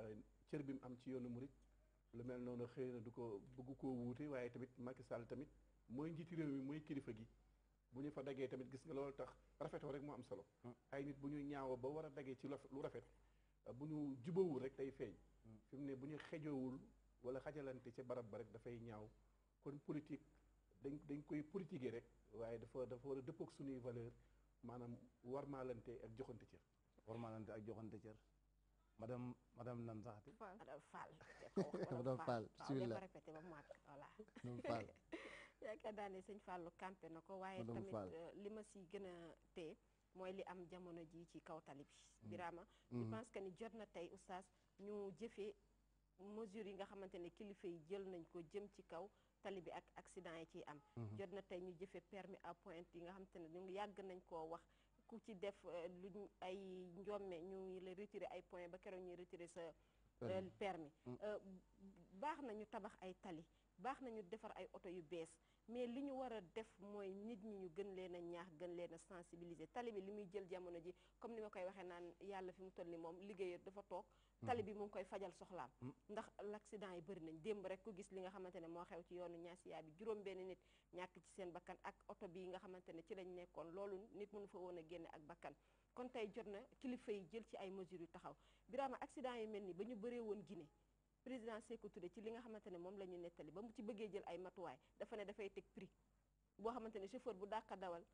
Euh, cër bi mu am ci yoonu murit lu mel noonu xëy na du ko bëgg koo wuute waaye tamit Macky Sall tamit mooy njiiti réew mi mooy kilifa gi bu ñu fa dagee tamit gis nga loolu tax rafetoo rek moo am solo hmm. ay nit bu ñuy ñaawoo ba war a dagee ci lu rafet bu ñu jubawul rek day feeñ hmm. fi mu ne bu ñu xejoowul wala xajalante ci barab ba rek dafay ñaaw kon politique dañ dañ koy politiquer rek waaye dafa dafa war a dëppoog suñuy valeur maanaam warmaalante ak joxante cër warmaalante ak joxante cër ma madame nan saxati madame Fall madame Fall bismillah répété ba mu àgg voilà madame Fall sëñ Fallu campé na ko waaye tamit euh, li ma si gën a tee mooy li am jamono ji ci kaw tali bi mm. Birama mm-hmm. je que ni jot na tey oustaz ñu jëfe mesures yi nga xamante ne kilifa yi jël nañ ko jëm ci kaw tali bi ak accident yi ci am mm-hmm. jot na tey ñu jëfee permis à point yi nga xamante ne yàgg nañ koo wax ku ci def euh, lu ay njomme ñu ngi la retirer ay point ba keroog ñuy retirer sa permis euh, mm. euh, baax na ñu tabax ay tali baax na ñu defar ay oto yu bees mais li ñu war a def mooy nit ñi ñu gën leen a ñaax gën leen a sensibiliser tali bi li muy jël jamono ji comme ni ma koy waxee naan yàlla fi mu toll ni moom liggéey dafa toog Mhm. tali bi mu ngi koy fajal soxlaam mm. ndax l'accident yi bëri nañ démb rek ku gis li nga xamante ne moo xew ci yoonu ñaasiyaa bi juróom benn nit ñàkk ci seen bakkan ak oto bi nga xamante ne ci lañ nekkoon loolu nit munu fa woon a génne ak bakkan kon tey jot na kilifa yi jël ci ay mesures yu taxaw Birama accident yi mel ni ba ñu bëree woon gine président Sékou ci li nga xamante ne moom la ñu nettali ba mu ci bëggee jël ay matuwaay dafa ne dafay teg prix boo xamante ne chauffeur bu dàq dawal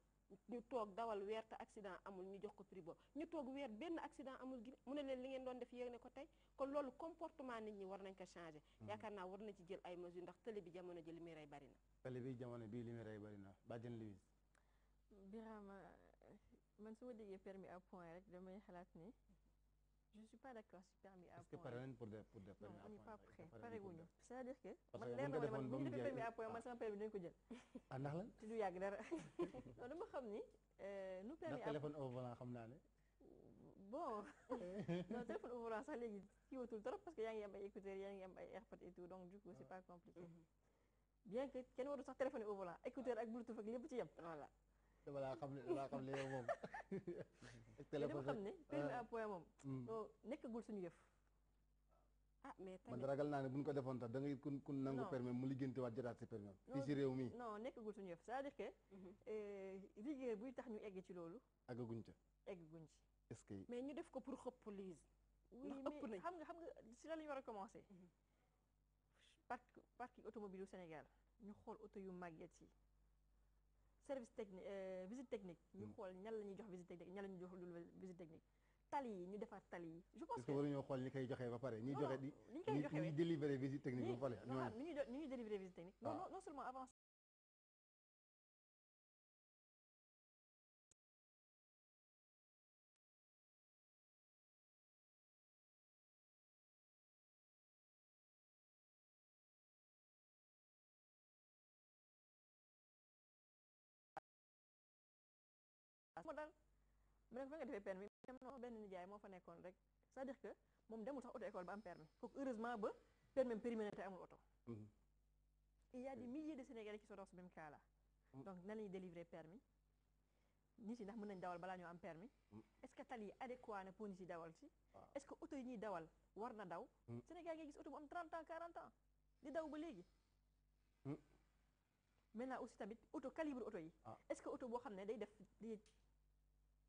ñu toog dawal weer te accident amul ñu jox ko prix boobu ñu toog weer benn accident amul gi mu ne leen li ngeen doon def yéeg ne ko tey kon loolu comportement nit ñi war nañ ko changé hmm. yaakaar naa war na ci jël ay mesures ndax télé bi jamono ji li muy rey bari na télé bi jamono bii li muy rey bari na bàjjen Louise Birama man su ma déggee permis à point rek damay xalaat ni je suis pas d'accord si permis à point. est-ce que pare nañ pour des dire que. parce que bu man man bu man permis dañu ko jël. ah ndax lan. te yàgg dara non dama xam ni. Euh, nu permis à téléphone xam naa ne. bon non téléphone au volant sax léegi kii watul trop parce que yaa ngi am ay écouteurs yaa ngi am ay airpods et tout donc du coup c'est pas compliqué. Mhm. bien que kenn warul sax téléphoner au volant écouteur ak bluetooth ak lépp ci yem voilà. dama laa xam ne dama laa ne yow moom. nekk xam euh, euh. suñu yëf. ah mais tamit man ragal naa ne bu ñu ko defoon tax da ngay kun kun nangu permis mu liggéeyante waat jotaat si permis fii si réew mi. non nekkagul suñu yëf c'est-à-dire que. Mhm. Euh, liggéey buy tax ñu egg ci loolu. eggaguñ ca. eggaguñ ci. est-ce que mais ñu def ko pour xëpp lise. oui mais xam nga xam nga si la la ñu war a commencer. Mhm. parc parc automobile Sénégal ñu xool oto yu màgget yi. service technique euh, visite technique. ñu mm. xol ñal la jox visite technique ñal la jox visite technique. tali ñu defar tali je pense que waruñoo xol ñi kay joxé ba paré ñi joxé di ñi délivrer visite technique ba pare. ñu non non délivrer visite technique. non ah. non seulement avant rek fa nga defee permis non benn nijaay moo fa nekkoon rek cest dire que moom demul sax auto école ba am permis kooku heureusement ba permis périmé na te amul auto mhm. il y a des de Sénégalais qui sont dans ce même cas là mhm. donc na la ñuy délivrer permis nit yi ndax mën nañ dawal balaa ñoo am permis mhm. est-ce que tali yi adéquat na pour nit dawal ci est-ce que auto yi ñuy dawal war na daw Sénégal ngay gis auto bu am 30 ans 40 ans di daw ba léegi maintenant aussi tamit auto calibre auto yi ah. est-ce que auto boo xam ne day def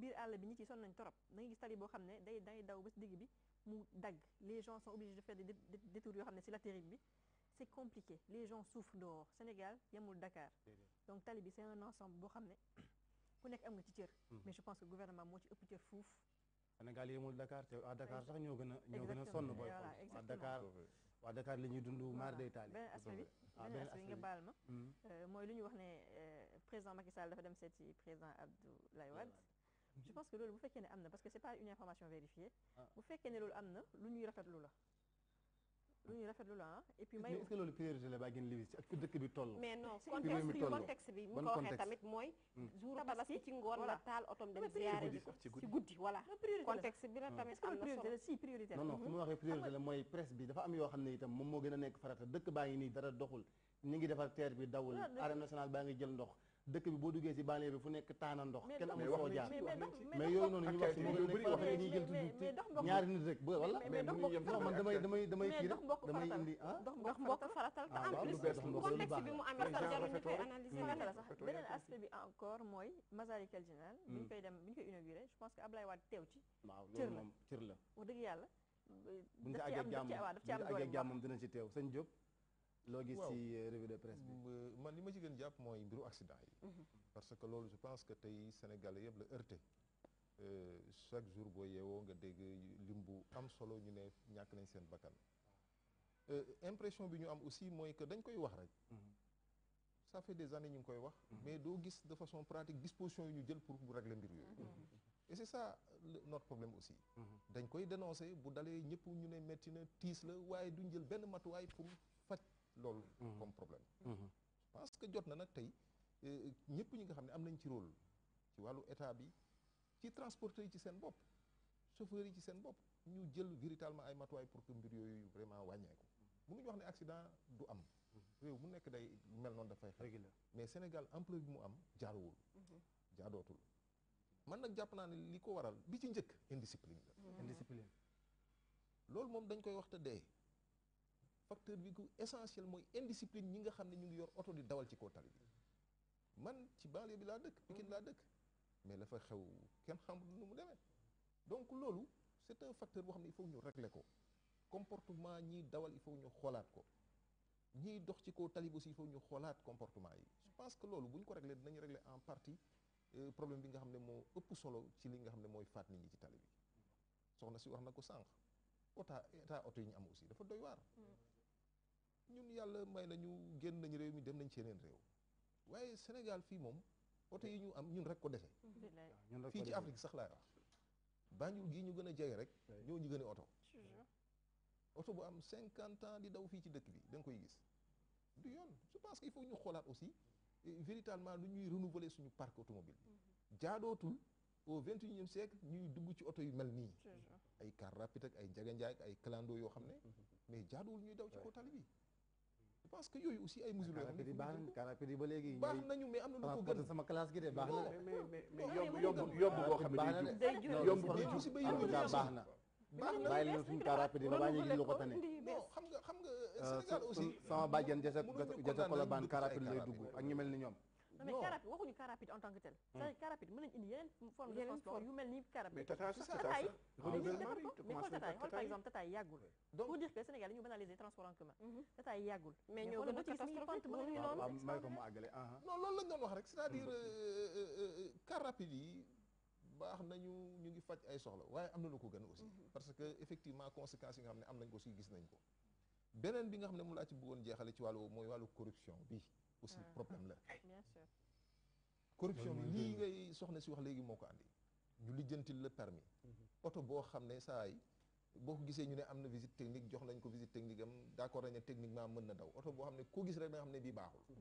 biir àll bi nit ci sonn nañ torop da ngay gis tali boo xam ne day day daw ba si digg bi mu dagg les gens sont obligés de faire des détours yoo xam ne si la terrible bi c'est compliqué les gens souffrent dehors Sénégal yemul Dakar donc tali bi c'est un ensemble boo xam ne ku nekk am nga ci cër mhm. mais je pense que gouvernement moo ci ëpp cër fuuf Sénégal yemul Dakar te à Dakar sax ñoo gën a ñoo gën a sonn booy à Dakar wa Dakar li ñuy dund maar day talib beneen aspect bi ah, beneen aspect nga baal ma hmm. euh, mooy lu ñu wax né euh, président Macky Sall dafa dem seeti président Abdoulaye Wade je pense que lolu bu fekké né amna parce que c'est pas une information vérifiée ah. bu fekké né lolu amna na lu ñuy rafetlu la lu ñuy rafetlu la ah et puis may est loolu priorité la ba ngeen ci ak dëkk bi toll mais non contexte bi mu ko waxee tamit mooy hmm. jour tabaski ci ngoon la taal otom dem waxee mooy presse bi dafa am yoo xam ne itam moom moo gën a nekk farata dëkk baa ngi nii dara doxul ñi ngi defar terre bi dawul arène nationale baa ngi jël ndox dëkk bi boo duggee ci banlieue bi fu nekk taana ndox kenn amul foo jaar mais yooyu noonu ñu wax ci moo gën a nekk dañuy jël tudd ñaari nit rek ba wala non man damay damay damay kii rek damay indi ah ndox mbokk faratal te en plus contexte bi mu amee sax jarul ñu koy analyser sax beneen aspect bi encore mooy Massalikul Jinaan bi ñu koy dem bi ñu koy inauguré je pense que Ablaye Wade teew ci waaw loolu moom cër la wax dëgg yàlla buñ ci àggee jàmm daf ci am doole daf ci am doole dinañ ci teew sëñ Diop loo gis ci euh, revue de presse bi euh, man li ma ci gën jàpp mooy mbiru accident yi mhm. parce que loolu je pense que tey sénégalais yëpp la heurté euh, chaque jour boo yeewoo nga dégg lim bu am solo ñu ne ñàkk nañ seen bakkan impression bi ñu am aussi mooy que dañ koy wax rek mhm. ça fait des années ñu ngi koy wax mhm. mais doo gis de façon pratique disposition yi ñu jël pour régler mbir yooyu et c'est ça notre problème aussi dañ koy dénoncer bu dalee ñëpp ñu ne métti na tiis la waaye duñ jël benn matuwaay pour loolu mhm. comme problème mhm. parce que jot na nag tey euh, ñëpp ñi nga xam ne am nañ ci rôle ci wàllu état bi ci transporteurs yi ci seen bopp chauffeurs yi ci seen bopp ñu jël véritablement ay matuwaay pour que mbir yooyu vraiment wàññeeku mënuñu wax ne accident du am mhm. réew mu nekk day mel noonu dafay xel mais Sénégal ampleur bi mu am jaaruwul jaadootul man nag jàpp naa ne li ko waral bi ci njëkk indiscipline la indiscipline loolu moom dañ koy wax te dee facteur bi ku essentiel mooy indiscipline ñi nga xam ne ñu ngi yor oto di dawal ci kaw tali bi man ci banlieue bi laa dëkk Pikine laa dëkk mais la fa xew kenn xam nu mu demee donc loolu c'est un facteur boo xam ne il faut ñu régler ko comportement ñiy dawal i foog ñu xoolaat ko ñiy dox ci ko tali bi aussi il faut ñu xoolaat comportement yi je pense que loolu bu ñu ko régler dinañu regle en partie euh, problème bi nga xam ne moo ëpp solo ci li nga xam ne mooy faat nit ñi ci tali bi soxna si wax na ko sànq ota état oto yi ñu am aussi dafa doy waar mm. ñun yàlla may nañu génn nañ réew mi dem nañ ci yeneen réew waaye Sénégal fii moom oto yi ñu am ñun rek ko dese fii ci Afrique sax laay wax Banjul gii ñu gën a jege rek ñoo ñu gën a oto oto bu am cinquante ans di daw fii ci dëkk bi danga koy gis du yoon je pense qu'il faut ñu xoolaat aussi véritablement lu ñuy renouveler suñu parc automobile bi mhm. jaadootul au vingt et unième siècle ñuy dugg ci oto yu mel nii ay car rapide ay njaganjaay ak ay clando yoo xam ne mhm. mais ñuy daw ci kaw bi pense que yooyu aussi ay musulman karape di baax na di ba nañu mais am lu ko gën sama classe gi de baax na. mais mais yob yomb yomb boo xam ne day jur yomb bi jur en tout na. baax na bàyyi leen di ba bàyyi lu ko xam nga xam nga Sénégal aussi. sama lay dugg ak ñu mais car rapide waxuñu car rapide en tant que tel. Hmm. c'est-à-dire car rapide mën nañu indi yeneen forme de transport yu mel ni car rapide. mais hmm. yàggul. mais ñoo gën a catastrophique mais ah, ah. loolu la ñu hmm. euh, euh, euh, car rapide yi baax nañu ñu ngi faj ay soxla waaye am na lu ko gën aussi. parce que effectivement conséquences yi nga xam ne am nañ ko si gis nañ ko. beneen bi nga xam ne moom laa ci bëggoon jeexale ci wàllu mooy wàllu corruption bi Ah. corruption bi lii ngay soxna si wax léegi moo ko andi. ñu lijjantil la permis mhm. oto boo xam ne saa yi boo ko gisee ñu ne am na visite technique jox nañ ko visite technique am d' accord nañ ne mën na daw oto boo xam ne koo gis rek da nga xam ne bii baaxul.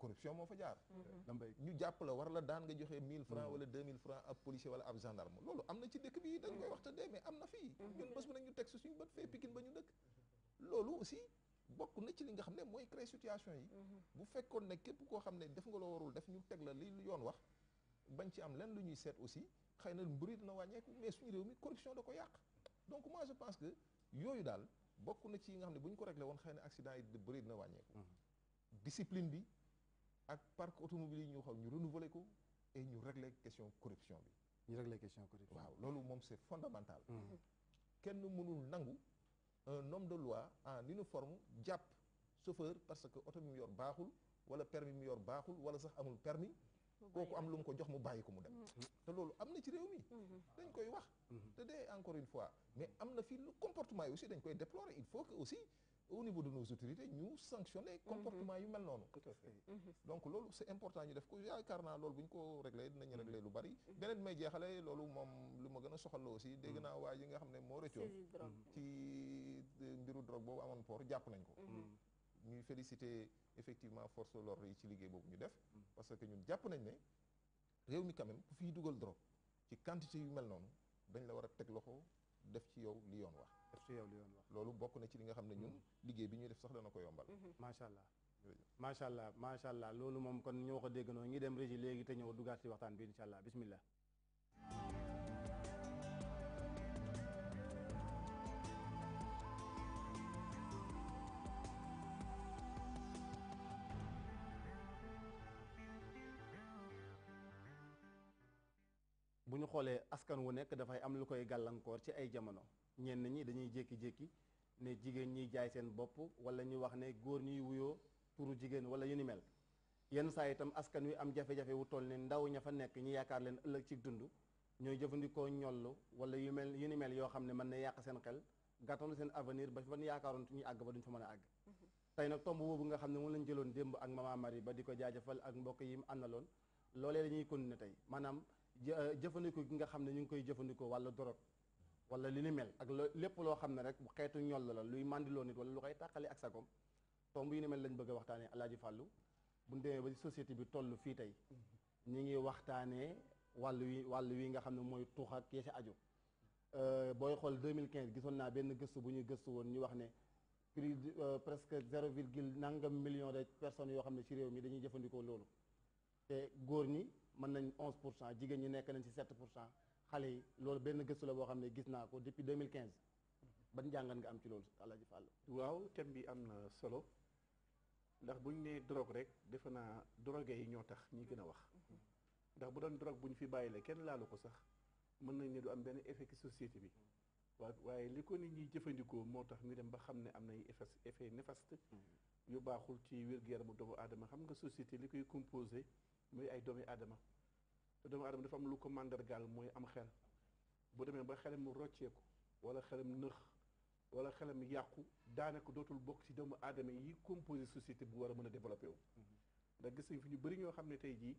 corruption moo fa jaar. Mhm. Mhm. ñu jàpp la war la daan nga joxe 1000 francs wala 2000 francs ab policier wala ab gendarme loolu am na ci dëkk bi dañ koy wax te am na fii. ñu ba ñu dëkk. bokku na ci li nga xamné moy mooy créer situation yi mhm. bu fekkone ne képp ko xamné def nga lo warul def ñu tegg la li yoon wax bañ ci am lén lu ñuy seet aussi xëy na wañé yi mais suñu réew mi corruption da ko yaq donc moi je pense que yoyu dal bokku na ci nga xamné buñ ko réglé won xeyna accident yi de bëri dina wàññeeku mhm. discipline bi ak parc automobile ñu xaw ñu renouveler ko et ñu réglé question corruption bi ñu réglé question corruption waaw loolu moom c'est fondamental mhm. kenn mënul nangu un homme de loi en uniforme jàpp chauffeur parce que auto bi yor baaxul wala permis mi yor baaxul wala sax amul permis kooku am lu ko jox mu bayiko mu dem mm-hmm. te lolou amna ci réew mi mm-hmm. dañ koy wax mm-hmm. te dee encore une fois mais amna fi le comportement aussi dañ koy déplorer il faut que aussi au niveau de nos autorités ñu sanctionner mhm. comportement yu mel noonu mhm. donc loolu c'est important ñu def ko yaakaar naa loolu bu ñu ko réglé dinañu mhm. réglé lu bari beneen may jeexale loolu moom lu ma gën a soxal aussi dégg naa waa yi nga xam ne moo rëccoon ci euh, mbiru drogue boobu amoon port jàpp nañ ko ñuy féliciter effectivement force de l'ordre yi ci liggéey boobu ñu def parce que ñun jàpp nañ ne réew mi quand même ku fiy dugal drogue ci quantité yu mel noonu dañ la war a teg loxo def ci yow li yoon wax surtout yow loolu bokk na ci li nga xam ne ñun mm-hmm. liggéey bi ñuy def sax dana ko yombal mm-hmm. macha allah macha allah macha allah loolu moom kon ñoo ko dégg noonu ñi dem régi léegi te ñëw dugaat ci waxtaan bi incha allah bismillah ñu xoolee askan wu nekk dafay am lu koy gàllankoor ci ay jamono ñenn ñi dañuy jékki-jékki ne jigéen ñiy jaay seen bopp wala ñu wax ne góor ñuy wuyoo turu jigéen wala yu ni mel yenn saa itam askan wi am jafe-jafe wu toll ne ndaw ña fa nekk ñu yaakaar leen ëllëg ci dund ñooy jëfandikoo ñollu wala yu mel yu ni mel yoo xam ne mën na yàq seen xel gàttandu seen avenir ba fan yaakaaroon ñu àgg ba duñ fa mën a àgg mm-hmm. tey nag tomb boobu nga xam ne moom lañ jëloon démb ak mama Marie ba di ko jaajëfal ak mbokk yi mu àndaloon loolee Euh, jëfandikoo gi nga xam ne ñu ngi koy jëfandikoo walla drogue walla li ni mel ak lépp loo xam ne rek bu xeetu ñol la luy màndiloo nit walla lu koy tàqale ak sagom tomb yu ni mel lañ bëgg a waxtaanee Alaaji Fàllu bu ñu demee ba ci société bi toll fii tey ñu ngi waxtaanee wàll wi wàll wi nga xam ne mooy tuux ak ya ci aju euh, booy xool 2015 gisoon naa benn gëstu bu ñuy gëstu woon ñu wax ne plus euh, presque zéro virgule nangam million de personnes yoo xam ne ci réew mi dañuy jëfandikoo loolu te góor ñi mën nañ 11 pour cent jigéen ñi nekk nañ ci 7 pour cent xale yi loolu benn gëstu boo xam ne gis naa ko depuis 2015 ban njàngat nga am ci loolu Alaaji Fall waaw thème bi am na solo ndax bu ñu nee drogue rek defe naa drogué yi ñoo tax ñu gën a wax ndax bu doon drogue bu ñu fi bàyyi la kenn laalu ko sax mën nañ ne du am benn effet ci société bi waaw waaye li ko nit ñi jëfandikoo moo tax ñu dem ba xam ne am nañ effet effet néfaste mm-hmm. yu baaxul ci wér-gu-yaramu doomu aadama xam nga société li koy composé muy ay doomi aadama te doomi aadama dafa am lu ko màndargaal mooy am xel bu demee ba xelam mu rocceeku wala xelam nëx wala xelam yàqu daanaka dootul bokk ci doomu aadama yi composé société bu war a mën a développé wu mm-hmm. ndax gis nañ fi ñu bëri ñoo xam ne tey jii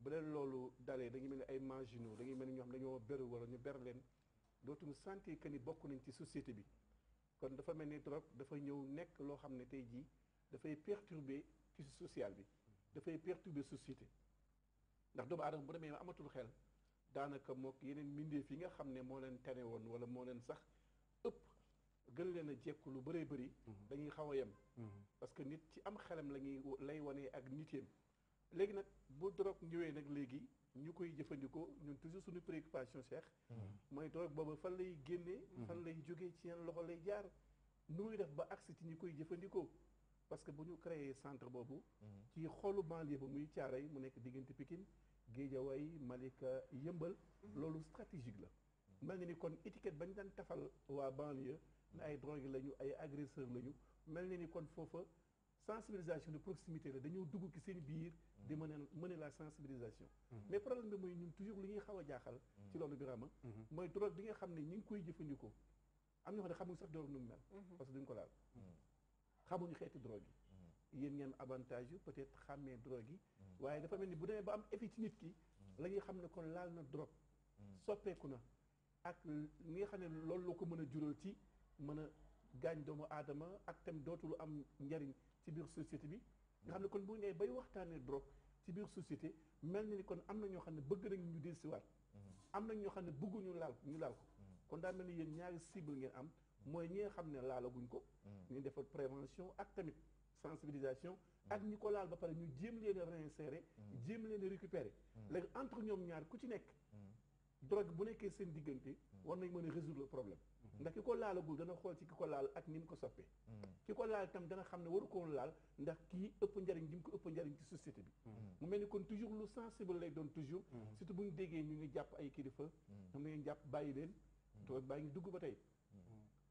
bu leen loolu dalee dañuy mel ni ay marginaux dañuy mel ni ñoo xam dañoo beru wala ñu ber leen dootuñu sentir que ni bokk nañ ci société bi kon dafa mel ni drogue dafa ñëw nekk loo xam ne tey jii dafay perturber tissu social bi dafay perturber société ndax doomu aadama bu demee amatul xel daanaka moog yeneen mbindeef fii nga xam ne moo leen tane woon wala moo leen sax ëpp gën leen a jekku lu bëree bëri mhm. dañuy xaw a yem mhm. parce que nit ci am xelam la ñuy lay wanee ak niteem léegi nag bu drogue ñëwee nag léegi ñu koy jëfandikoo ñun toujours suñu préoccupation Cheikh mhm. mooy drogue boobu fan lay génnee fan lay jógee ci yan loxo lay jaar nu muy def ba agsi ci ñi koy jëfandikoo parce que bu ñu créé centre boobu. Mhm. ci xoolu banlieue ba muy Thiaroye mu nekk diggante Pikine Guédiawaye Malika Yëmbal. Mhm. loolu stratégique la. mel ngi ni kon étiquette bañ daan tafal waa banlieue. na ay drogue lañu ay agresseur lañu mel na ni kon foofa sensibilisation de proximité la dañoo dugg ci seen biir. Mhm. di mën a mën la sensibilisation. mais problème bi mooy ñun toujours li ñuy xaw a jaaxal. ci loolu Birama mooy drogue di nga xam ne ñu ngi koy jëfandikoo. am na xam ne xamuñ sax ko laal. xamuñu xeeti drogue yi yéen ngeen avantage yu peut être xamé drogue yi waye dafa melni bu démé ba am effet ci nit ki la ñuy xam kon laal na drogue soppeeku na ak li xamné loolu lako mëna mën jural ci mëna gañ doomu adama ak tam dootul am njariñ ci biir société bi nga xamné kon bu ñu bay waxtané drogue ci biir société melni kon am na ñoo xam bëgg nañ ñu dellusiwaat am na ñoo xam ne bëgguñu laal ñu laal ko kon da melni yéen ñaari cible ngeen am mooy ñi nga xam ne laalaguñ ko. Mm. ñu defal prévention ak tamit sensibilisation. ak ñi ko laal ba pare ñu jéem leen réinsérer. Mm. jéem leen récupérer. Mm. léegi entre ñoom ñaar ku ci nekk. drogue bu nekkee seen diggante. war nañ mën résoudre le problème. ndax ki ko laalagul dana xool ci ki ko laal ak ni mu ko soppee. ki ko laal itam dana xam ne waru ko laal ndax kii ëpp njariñ di ko ëpp njariñ ci société bi. mu mel kon toujours lu sensible lay doon toujours. surtout bu ñu déggee ñu ngi jàpp ay kilifa. xam ngeen jàpp bàyyi leen. drogue baa ngi dugg ba tey.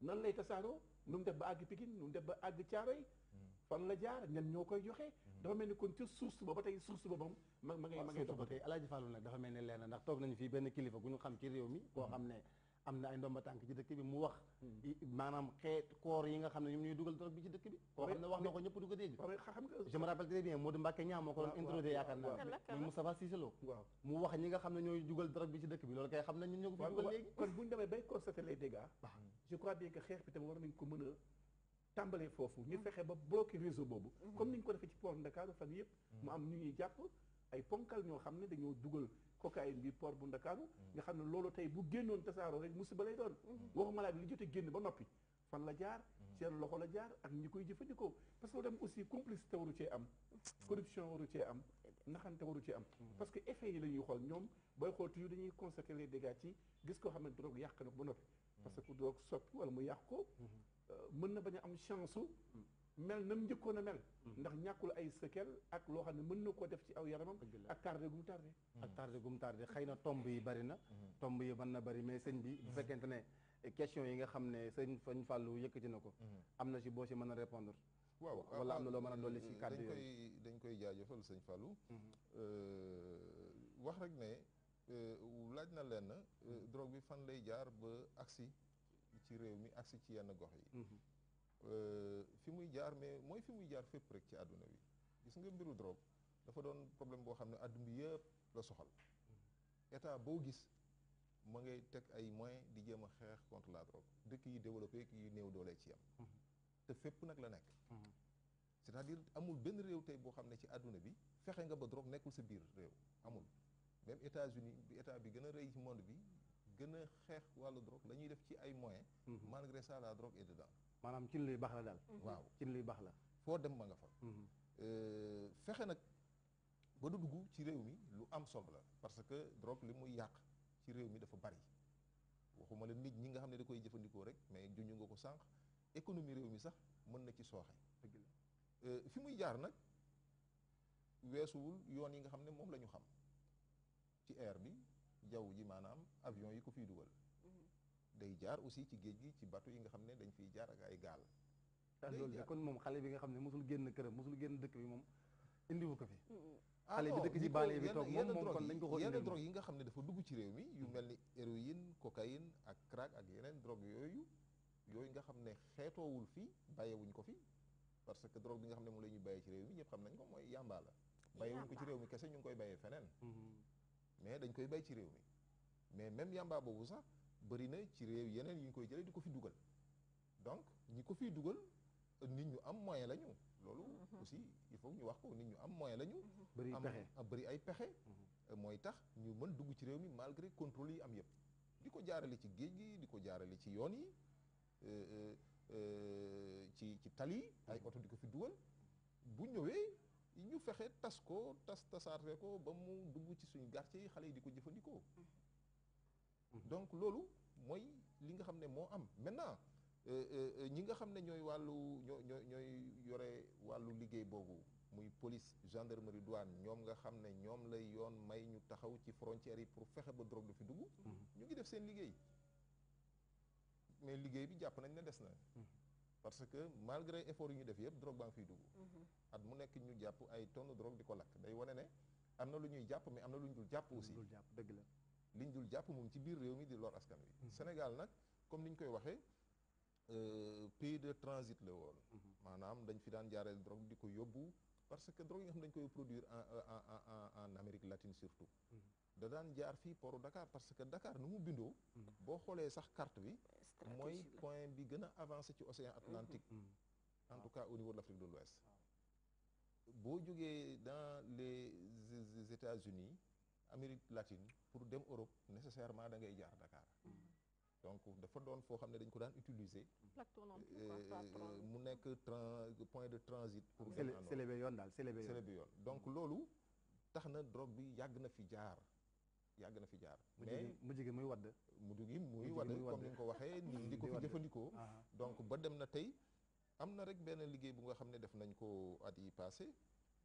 nan lay tasaaroo nu mu def ba àgg Pikine nu mu def ba àgg Thiaroye mm. fan la jaar ñan ñoo koy joxe. Mm-hmm. dafa mel ni kon ca source ba ba tey source ba moom ma ma ngay ma ngay dox ba tey alaaji nag dafa mel ni leer na ndax toog nañu fii benn kilifa gu ñu xam ci réew mi koo mm-hmm. xam ne am na ay ndomba tànk ci dëkk bi mu wax hmm. maanaam xeet koor yi nga xam ne ñoom ñuy dugal drogue bi ci dëkk bi koo wax na ko ñëpp du ko dégg je me rappelle très bien Modou Mbacké ñaa moo ko doon introduire yaakaar naa mu Moustapha Cissé Lo mu wax ñi nga xam ne ñooy dugal drogue bi ci dëkk bi loolu kay xam na ñun ñoo ko fi dugal léegi kon bu ñu demee bay constater les dégâts je crois bien que xeex bi tam war nañ ko mën tàmbalee foofu ñu fexe ba bloquer réseau boobu hmm. comme niñ ko defee ci port Ndakaaru fan yëpp hmm. mu jàpp ay ponkal ñoo xam ne dañoo dugal cocaïne bi port bu ndakaaru nga xam ne loolu tey bu génnoon tasaaroo rek musiba lay doon mhm. waxuma laa bi li jotee génn ba noppi fan la jaar mhm. seen loxo la jaar ak ñi koy jëfandikoo parce que loolu dem aussi complicité waru cee am corruption waru cee am naxante waru cee am mhm. parce que effet yi la ñuy xool ñoom booy xool toujours dañuy constater les dégâts ci gis koo xam ne drogue yàq na ko ba noppi parce que drogue soppi wala mu yàq ko euh, mën na bañ am chance mel nam njëkkoon a mel mm-hmm. ndax ñàkkul ay séquelles ak loo xam ne mën na koo def ci aw yaramam ak tardé gum tardé mm-hmm. ak tardé gum tardé xëy na tomb yi bari na mm-hmm. tomb yi mën na bari mais sëñ bi bu fekkente ne question yi nga xam ne sëñ fañ fàllu yëkkati na ko am na si boo si mën a répondre waaw wala am na loo mën a dolli si kàddu yooyu dañ koy jaajëfal sëñ Fallou euh, wax rek ne euh, laaj na lenn euh, drogue bi fan lay jaar ba agsi ci réew mi agsi ci yenn gox yi Euh, fi muy jaar mais mooy fi muy jaar fépp rek ci àdduna bi gis nga mbiru drogue dafa doon problème boo xam ne àdduna bi yëpp la soxal état boo gis ma ngay teg ay moyen di jéem a xeex contre la drogue dëkk yu développé yu néew doole ci yam te fépp nag la nekk c'est-à-dire amul benn réew tey boo xam ne ci àdduna bi fexe nga ba drop nekkul sa biir réew amul même États-Unis bi état bi gën a rëy ci monde bi gën a xeex wàllu drogue lañuy def ci ay moyens mm-hmm. malgré ça la drogue est dedans maanaam cin luy baax la daal. Mhm. waaw cin luy baax la. foo dem ma nga fa. Mhm. Euh, fexe nag ba du dugg ci réew mi lu am solo la parce que drop li muy yàq ci réew mi dafa bari waxuma la nit ñi nga xam ne da koy jëfandikoo rek mais juñu nga ko sànq économie réew mi sax mën na ci sooxe. Euh, fi muy jaar nag weesuwul yoon yi nga xam ne moom la ñu xam ci air bi jaww ji maanaam avion yi ko fiy dugal. day jaar aussi ci géej gi ci bateau yi nga xam ne dañ fiy jaar ak ay gaal. Ah, loolu de kon moom xale bi nga xam ne mosul génn këram mosul génn dëkk bi moom indiwu ko fi. Ah, xale bi ah, dëkk ci baale bi toog moom moom kon lañ ko xool yenn drogue yi xam ne dafa dugg ci réew mi yu mel ni héroïne cocaïne ak crack ak yeneen drogue yooyu yooyu nga xam ne xeetoowul fii bàyyewuñ ko fi parce que drogue bi nga xam ne moom la ñuy bàyyee ci réew mi ñëpp xam nañ ko mooy yàmbaa la bàyyewuñ ko ci réew mi kese ñu ngi koy bayee feneen mm-hmm. mais dañ koy bay ci réew mi mais même yàmbaa boobu sax bëri na ci réew yeneen yu ñu koy jëlee di ko fi dugal donc ñi ko fiy dugal nit ñu am moyen la ñu loolu mhm. il faut ñu wax ko nit ñu am moyen la ñu mhm. am bëri ay pexe mhm. mooy tax ñu mën dugg ci réew mi malgré contrôle yi am yëpp di ko jaarale ci géej gi di ko jaarale ci yoon yi euh, euh, euh, ci ci tali yi ay oto di ko fi dugal bu ñëwee ñu fexe tas ko tas tasaare ko ba mu dugg ci suñu quartier yi xale yi di ko jëfandikoo Mm-hmm. donc loolu mooy li nga xam ne moo am maintenant euh, euh, ñi nga xam ne ñooy wàllu ñoo ñooy yore wàllu liggéey boobu muy police gendarmerie douane ñoom nga xam ne ñoom lay yoon may ñu taxaw ci frontières yi pour fexe ba drogue du fi dugg mm-hmm. ñu ngi def seen liggéey mais liggéey bi jàpp nañ ne des na mm-hmm. parce que malgré effort yu ñu def yëpp drogue baa ngi fiy dugg at mu nekk ñu jàpp ay ton drogue di ko lakk day wane ne am na lu ñuy jàpp mais am na lu ñu dul jàpp aussi dëgg la liñ dul jàpp moom ci biir réew mi di lor askan wi. Mhm. Sénégal nag comme ni ñu koy waxee euh, pays de transit la woon. Mhm. maanaam dañ fi daan jaareel drogue di ko yóbbu parce que drogue yi nga xam dañ koy produire en en en en Amérique latine surtout. Mhm. da daan jaar fii portu Dakar parce que Dakar nu mu bindoo. boo xoolee sax carte bi. mooy point bi gën a avancé ci océan Atlantique. en tout cas au niveau de l'Afrique de l'Ouest boo jógee dans les États-Unis Amérique latine pour dem Europe nécessairement da ngay jaar Dakar donc dafa doon foo xam ne dañ ko daan utiliser euh, euh, mu nekk point de transit pour Selebe yoon daal Selebe yoon donc loolu tax na drogue bi yàgg na fi jaar yàgg na fi jaar mais mujj gi muy wadd mujj gi muy wadd comme ni nga ko waxee ni di ko fi ah. donc ba dem na tey am na rek benn liggéey bu nga xam ne def nañ ko at yi passé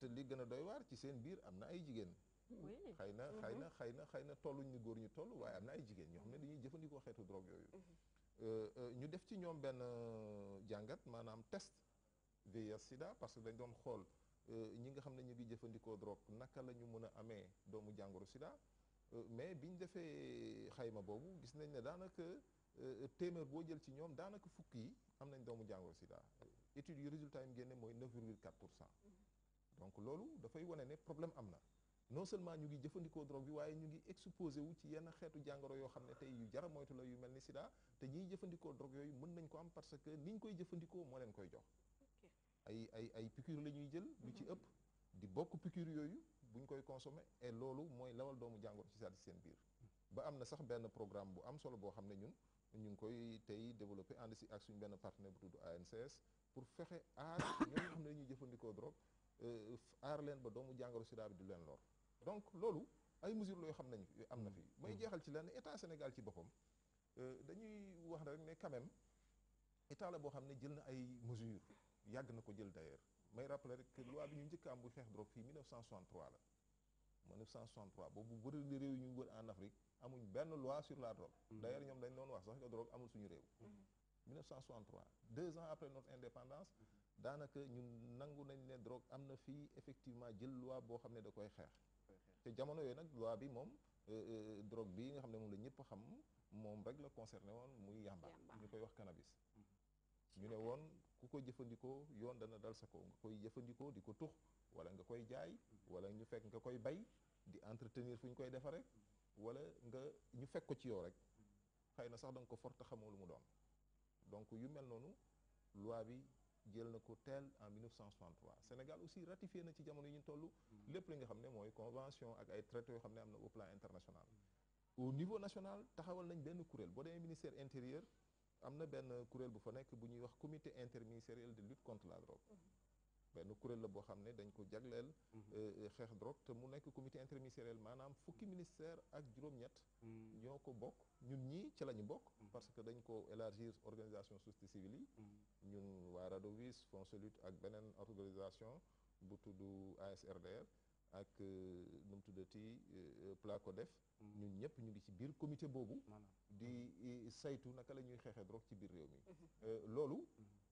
te li gën a doy waar ci seen biir am na ay jigéen xëy na xëy na mm-hmm. xëy na xëy na tolluñ ni góor ñu toll waaye am na ay jigéen ñoo xam ne dañuy jëfandikoo xeetu drogue yooyu mm-hmm. euh, euh, ñu def ci ñoom benn euh, jàngat maanaam test VIH sida parce que dañ doon xool ñi nga xam ne ñu ngi jëfandikoo drogue naka la ñu mën a amee doomu jàngoro sida mais bi ñu defee xayma boobu gis nañ ne daanaka téeméer boo jël ci ñoom daanaka fukk yi am nañ doomu jàngoro sidaa études yi résultat yi mu génne mooy 9,4 pour cent mm-hmm. donc loolu dafay wane ne problème am na non seulement ñu ngi jëfandikoo drogue bi waaye ñu ngi exposé wu ci yenn xeetu jàngoro yoo xam ne tey yu jara moytu la yu mel ni sida te ñiy jëfandikoo drogue yooyu mën nañ ko am parce que niñ koy jëfandikoo moo leen koy jox ay ay ay piqûre la ñuy jël lu ci mhm. ëpp di bokk piqûre yooyu bu ñu koy consommer et loolu mooy lewal doomu jàngoro ci saati seen biir ba am na sax benn programme bu am solo boo xam ne ñun ñu ngi koy tey développé ànd si ak suñu benn partenaire bu tudd ANCS pour fexe aar ñoo xam ne ñuy jëfandikoo drogue euh, arlène leen ba doomu jàngoro sida bi leen lor donc loolu ay mesures looy xam nañu am na fi mm-hmm. may jeexal ci lenn état Sénégal ci boppam euh, dañuy wax rek ne quand même état la boo xam ne jël na ay mesures yàgg na ko jël d'ailleurs may rappeler rek que loi bi ñu njëkk am bu xeex drogue fii 1963 la 1963 boobu bëri na réew ñu wër en Afrique amuñ benn loi sur la drogue mm-hmm. d'ailleurs ñoom dañ doon wax sax que drogue amul suñu réew 1963 mm-hmm. deux ans après notre indépendance daanaka ñu nangu nañ ne drogue am na fi effectivement jël loi boo xam ne da koy xeex te jamono yooyu nag loi bi moom euh, euh, drogue bi nga xam ne moom la ñëpp xam moom rek la concerné woon muy yàmba ñu koy wax cannabis mm-hmm. ñu ne woon ku ko jëfandikoo yoon dana dal sa ko nga koy jëfandikoo di ko tux wala nga koy jaay mm-hmm. wala ñu fekk nga koy bay di entretenir fu ñu koy defaree mm-hmm. wala nga ñu fekk ko ci yow rek xëy na sax da nga ko forta xamoo lu mu doon donc yu mel noonu loi jël na ko en 1963 Sénégal aussi ratifié na ci jamono ñu tollu lepp li nga xamné moy convention ak ay traité yo xamné amna au plan international au niveau national taxawal nañ benn kuréel bo demee ministère intérieur amna na benn kuréel bu fa nek bu ñuy wax comité interministériel de lutte contre la drogue nous kuréel la bo xam d'un dañ ko jagleel mhm. euh, euh, xex drok te mu nek comité interministériel manam fukki mhm. ministère ak djuroom ñett mhm. ñoko bok ñun ñi ci la bok parce que dañ ko élargir organisation société civile ñun wa Radovis Fonds lutte ak benin organisation bu tudd ASRDR ak euh, nu mu tuddati def ñun ñep ñu ngi ci biir comité bobu di saytu naka n'a qu'à drok et ci biir réew mi lolu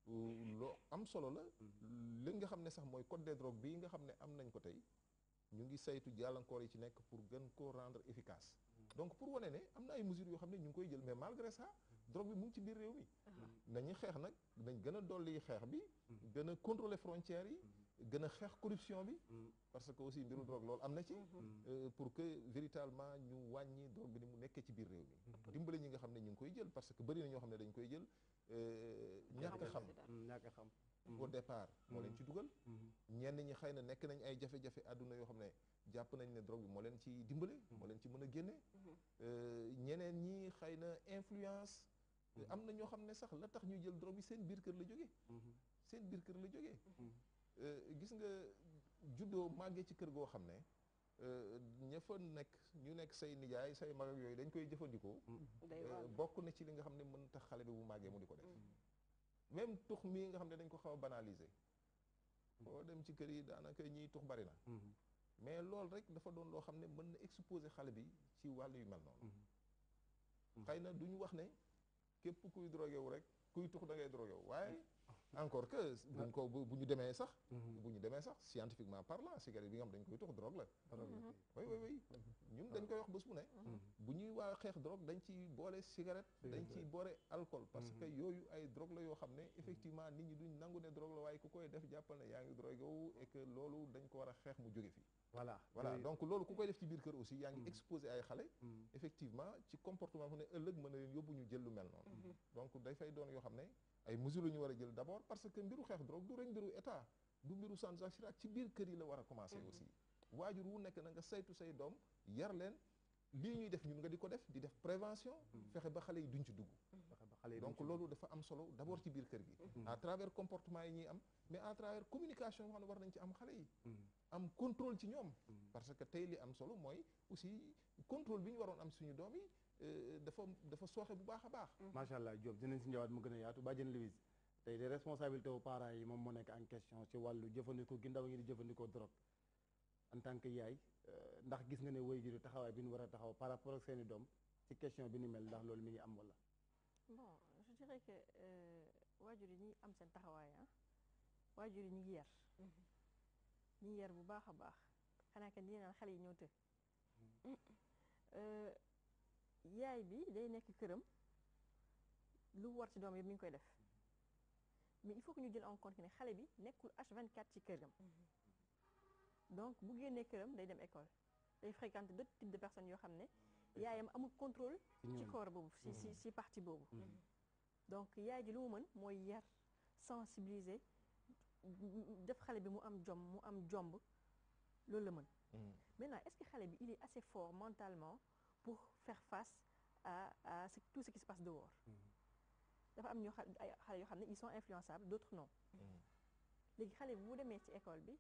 loo am solo la mm-hmm. li nga xam ne sax mooy code des drogues bii nga xam ne am nañ ko tey ñu ngi saytu jàllankoor yi ci nekk pour gën koo rendre efficace mm-hmm. donc pour wane ne am na ay mesures yoo xam ne ñu ngi koy jël mais malgré sax mm-hmm. drogue bi mu ngi ci biir réew mi nañu xeex nag nañ gën a dolli xeex bi gën a contrôler frontières yi gën a xeex corruption bi mm. parce que aussi mbiru drogue loolu am na ci mm-hmm. euh, pour que véritablement ñu wàññi drogue bi ni mu nekkee ci biir réew mi mm-hmm. dimbale ñi nga xam ne ñu ngi koy jël parce que bëri na ñoo xam ne dañ koy jël euh, ñàkk a xam mm, ñàkk a xam mm-hmm. au départ moo leen ci dugal ñenn ñi xëy na nekk nañ ay jafe-jafe àdduna yoo xam ne jàpp nañ ne drogue bi moo leen ci dimbale moo leen ci mën a génne euh, ñeneen ñi xëy na influence am na ñoo xam ne sax la tax ñuy jël drogue bi seen biir kër la jógee seen biir kër la jógee Euh, gis nga juddoo màggee ci kër goo xam ne euh, ña fa nekk ñu nekk say nijaay say mag yooyu dañ koy jëfandikoo mm. euh, bokk na ci li nga xam ne mën tax xale bi bu màggee mu di ko def mm. même tux mii nga xam ne dañ ko xaw a banaliser boo mm. dem ci kër yi daanaka ñiy tux bari na mm-hmm. mais loolu rek dafa doon loo xam ne mën na exposer xale bi ci wàll yu mel noonu mm-hmm. Mm-hmm. xëy na duñu wax ne képp kuy drogué rek kuy tux da ngay waaye encore que buñ ko bu ñu demee sax mhm. bu ñu demee sax scientifiquement parlant cigarette bi nga xam dañ koy tux drogue la mhm. oui oui oui ñun dañ koy wax bés bu ne mhm. bu ñuy waa xeex drogue dañ ci boole cigarette dañ ciy boole alcool parce que yooyu ay drogue la yoo xam ne effectivement nit ñi duñ nangu ne drogue la waaye ku koy def jàppal ne yaa ngi drogué wu loolu dañ ko war a xeex mu jóge fi voilà voilà donc loolu ku koy def ci biir kër aussi yaa ngi mm. exposé ay xale mm. effectivement ci comportement fu ne ëllëg mën na leen yóbbu ñu jël lu mel noonu mm-hmm. donc day doon yoo xam ne ay mesures la ñu war a jël d' parce que mbiru xeex drogue du rek mbiru état du mbiru Sanzal Chirac ci biir kër yi la war a commencé mm-hmm. aussi waajur wu nekk na nga saytu say doom yar leen lii ñuy def ñun nga di ko def di def prévention mm. fexe ba xale yi duñ ci dugg mm-hmm. donc loolu dafa am solo d' abord ci biir kër gi à travers comportement yi ñuy am mais à travers communication yoo xam war nañ am xale am contrôle ci ñoom mm. parce que tey li am solo mooy aussi contrôle bi ñu waroon am suñu doom yi euh, dafa dafa sooxe bu baax a baax mm. macha allah Diop dinañ si ñëwaat mu gën a yaatu Badiane Louise tey de responsabilité wu parents yi moom moo nekk en question ci wàllu jëfandikoo gi ndaw ñi di jëfandikoo drogue en tant que yaay euh, ndax gis nga ne waajur taxawaay bi ñu war a taxaw par rapport ak seeni doom ci question bi ni mel ndax loolu mi ngi am wala bon je dirais que euh, waajur yi ñi am seen taxawaay ah ñu yar bu baax a baax xanaa kañ di naan xale yi ñëw të mm-hmm. yaay bi day nekk këram lu war ci doom yi mi ngi koy def mm-hmm. mais il faut que ñu jël en compte ne xale bi nekkul H24 ci këram mm-hmm. donc bu génnee këram day dem école day fréquenter d'autres types de personnes yoo xam ne yaayam amul contrôle ci corps boobu si si si partie boobu donc yaay ji lu mu mën mooy yar sensibiliser def xalé bi mu am jom mu am jomb loolu la mën hmm. maintenant est-ce que xalé bi il est assez fort mentalement pour faire face à à tout ce qui se passe dehors hmm. dafa am ñu xalé yo ils sont influençables d'autres non hmm. les xalé bi bu demee ci école bi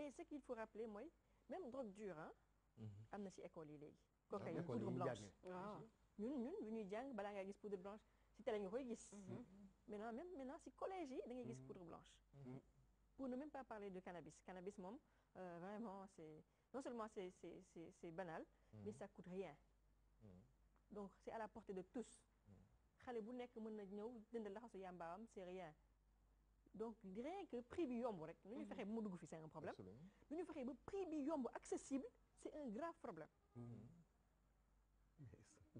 et ce qu'il faut rappeler moy même drogue dure hein amna ci école yi légui ah, cocaïne poudre blanche waaw ah, ñun ñun bu ñuy jàng bala nga gis poudre blanche ci télé nga koy gis maintenant même maintenant ci collège yi da ngay gis poudre blanche pour ne même pas parler de cannabis. Cannabis, mom, euh, vraiment, c'est non seulement c'est banal, mm. mais ça coûte rien. Mm. Donc, c'est à la portée de tous. Mm. C'est rien. Donc, rien que prix mm-hmm. c'est un problème. Nous faisons prix accessible, c'est un grave problème. Mm-hmm.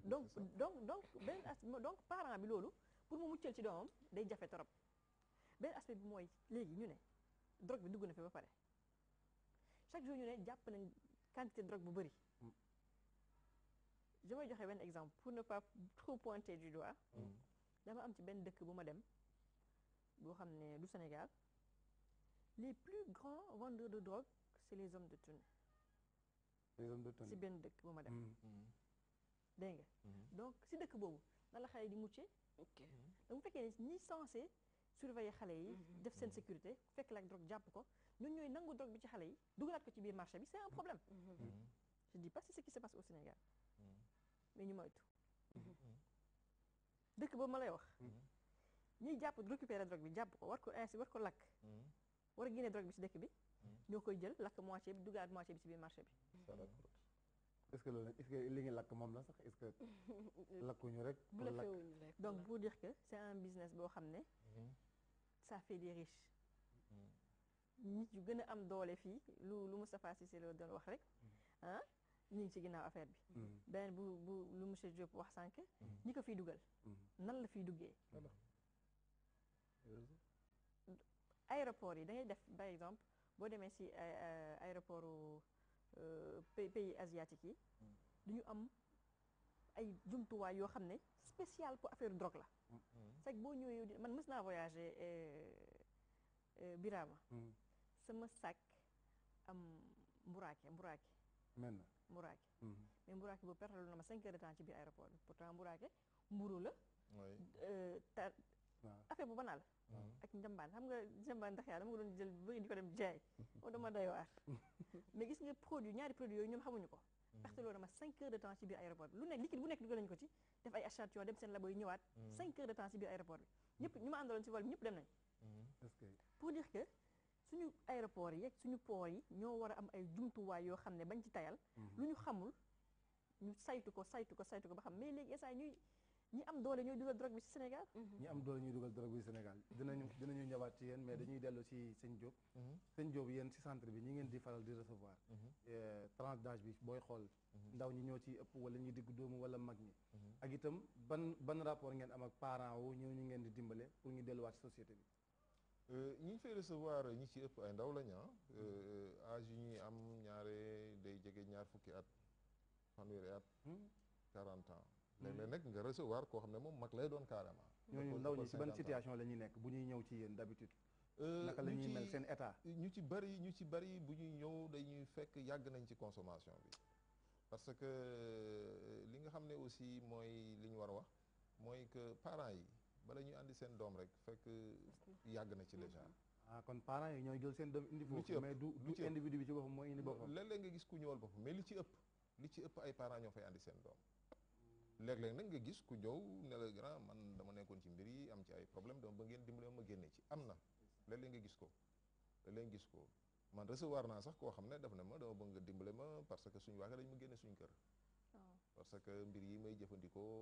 donc donc donc ben, donc parents, bi pour mu muccal ci doomam day jafe trop. Ben, aspect bi ñu drogue bi dugg chaque jour ñu ne nañ quantité drogue bu mm. je vous joxe un exemple pour ne pas trop pointer du doigt mm. dama am ci dëkk dem Sénégal les plus grands vendeurs de drogue c'est les hommes de Thun les hommes de dem donc si dëkk boobu vous la di donc ni surveiller xalé yi mhm. def sen mhm. sécurité fekk la drogue japp ko ñun ñooy nangu drogue bi ci xalé yi dugulat ko ci biir marché bi c'est un mhm. problème je dis pas c'est ce qui se passe au Sénégal mais ñu moytu dëkk ba ma lay wax ñi japp récupérer drogue bi japp ko war ko ainsi war ko lak war guiné drogue bi ci dëkk bi ñokoy jël lak moitié bi dugalaat moitié bi ci biir marché bi est-ce que loolu est-ce que li ngi lak mom la sax est-ce que ñu rek donc pour dire que c'est un business bo xamné ça fait des riches mm-hmm. nit yu gën a am doole fii lu lu Moustapha Cissé Lo doon wax rek mm-hmm. ah ñu ngi ci ginnaaw affaire bi mm-hmm. beneen bu bu lu monsieur Diop wax sànq ñi ko fiy dugal nan la fiy duggee aéroport yi da def par exemple boo demee si euh, euh, aéroport euh, pays asiatique yi du am ay jumtuwaay yoo xam ne spécial pour affaire drogue la sax boo ñëwee man mës naa voyagé euh, euh, Birama hmm. sama sac am mburaake mburaake maintenant mburaake hmm. mais mburaake bu perte na ma cinq heures ci biir aéroport bi pourtant mburaake mburu la euh, ta affaire bu banal hmm. ak njambaan xam nga njambaan ndax yaa dama ko doon jël bëgg di ko dem jaay o dama doy waar mais gis nga produit ñaari produit yooyu ñoom xamuñu ko perte mmh. loolu ma 5 heures de temps ci biir aéroport bi lu nekk liquide bu nekk dugal nañu ko ci def ay achat yoo dem seen labo yi ñëwaat 5 mmh. heures de temps ci biir aéroport bi mmh. ñu ma àndaloon ci vol bi ñëpp dem nañ pour dire que suñu aéroport yi suñu port yi ñoo war a am ay jumtuwaay yoo xam ne bañ ci tayal lu ñu xamul ñu saytu ko saytu ko saytu ko ba xam mais léegi essaay ñuy ñi am doole ñooy dugal drogue bi ci senegal mhm. ñi am doole ñuy dugal drogue bi ci Sénégal dinañu dinañu ñëwaat ci yéen mais dañuy dellu ci sëñ Diop. Mhm. sëñ Diop yéen ci centre bi ñi ngeen di faral di recevoir. Mhm. Eh, tranche d'âge bi booy xool. ndaw ñi ñoo ciy ëpp wala ñi diggu doomu wala mag ñi. ak itam ban ban rapport ngeen am ak parents wu ñëw ñu ngeen di dimbale pour ñu delluwaat ci société bi. Euh, ñi ñu fay recevoir ñi ci ëpp ay ndaw lañu ah. Euh, âge yu am ñaare day jege ñaar fukki at fanweeri at. 40 hmm? ans. léeg-léeg nag nga recevoir koo xam ne moom mag lay doon carrément. ñooñu ndaw ñi ci ban situation la ñuy nekk bu ñuy ñëw ci yéen d'habitude euh, naka la ñuy seen état ñu ci bari ñu ci bari bu ñuy ñëw dañuy fekk yàgg nañ ci consommation bi parce que euh, li nga xam ne aussi mooy li ñu war a wax mooy que parents yi bala ñu àndi seen doom rek fekk yàgg na ci déjà mm-hmm. ah kon parents yi ñooy jël seen doom indi foofu mais du du individu bi ci boppam mooy indi boppam léeg-léeg nga gis ku ñëwal boppam mais li ci ëpp li ci ëpp ay parents ñoo fay àndi seen doom léeg-léeg nga gis ku ñëw ne la grand man dama nekkoon ci mbir yi am ci ay problème dama ba ngeen dimbale ma génne ci am na léeg-léeg nga gis ko léeg-léeg gis ko man recevoir naa sax koo xam ne daf ne ma dama bëgg nga dimbale ma parce que suñu waake dañ ma génne suñu kër oh. parce que mbir yi may jëfandikoo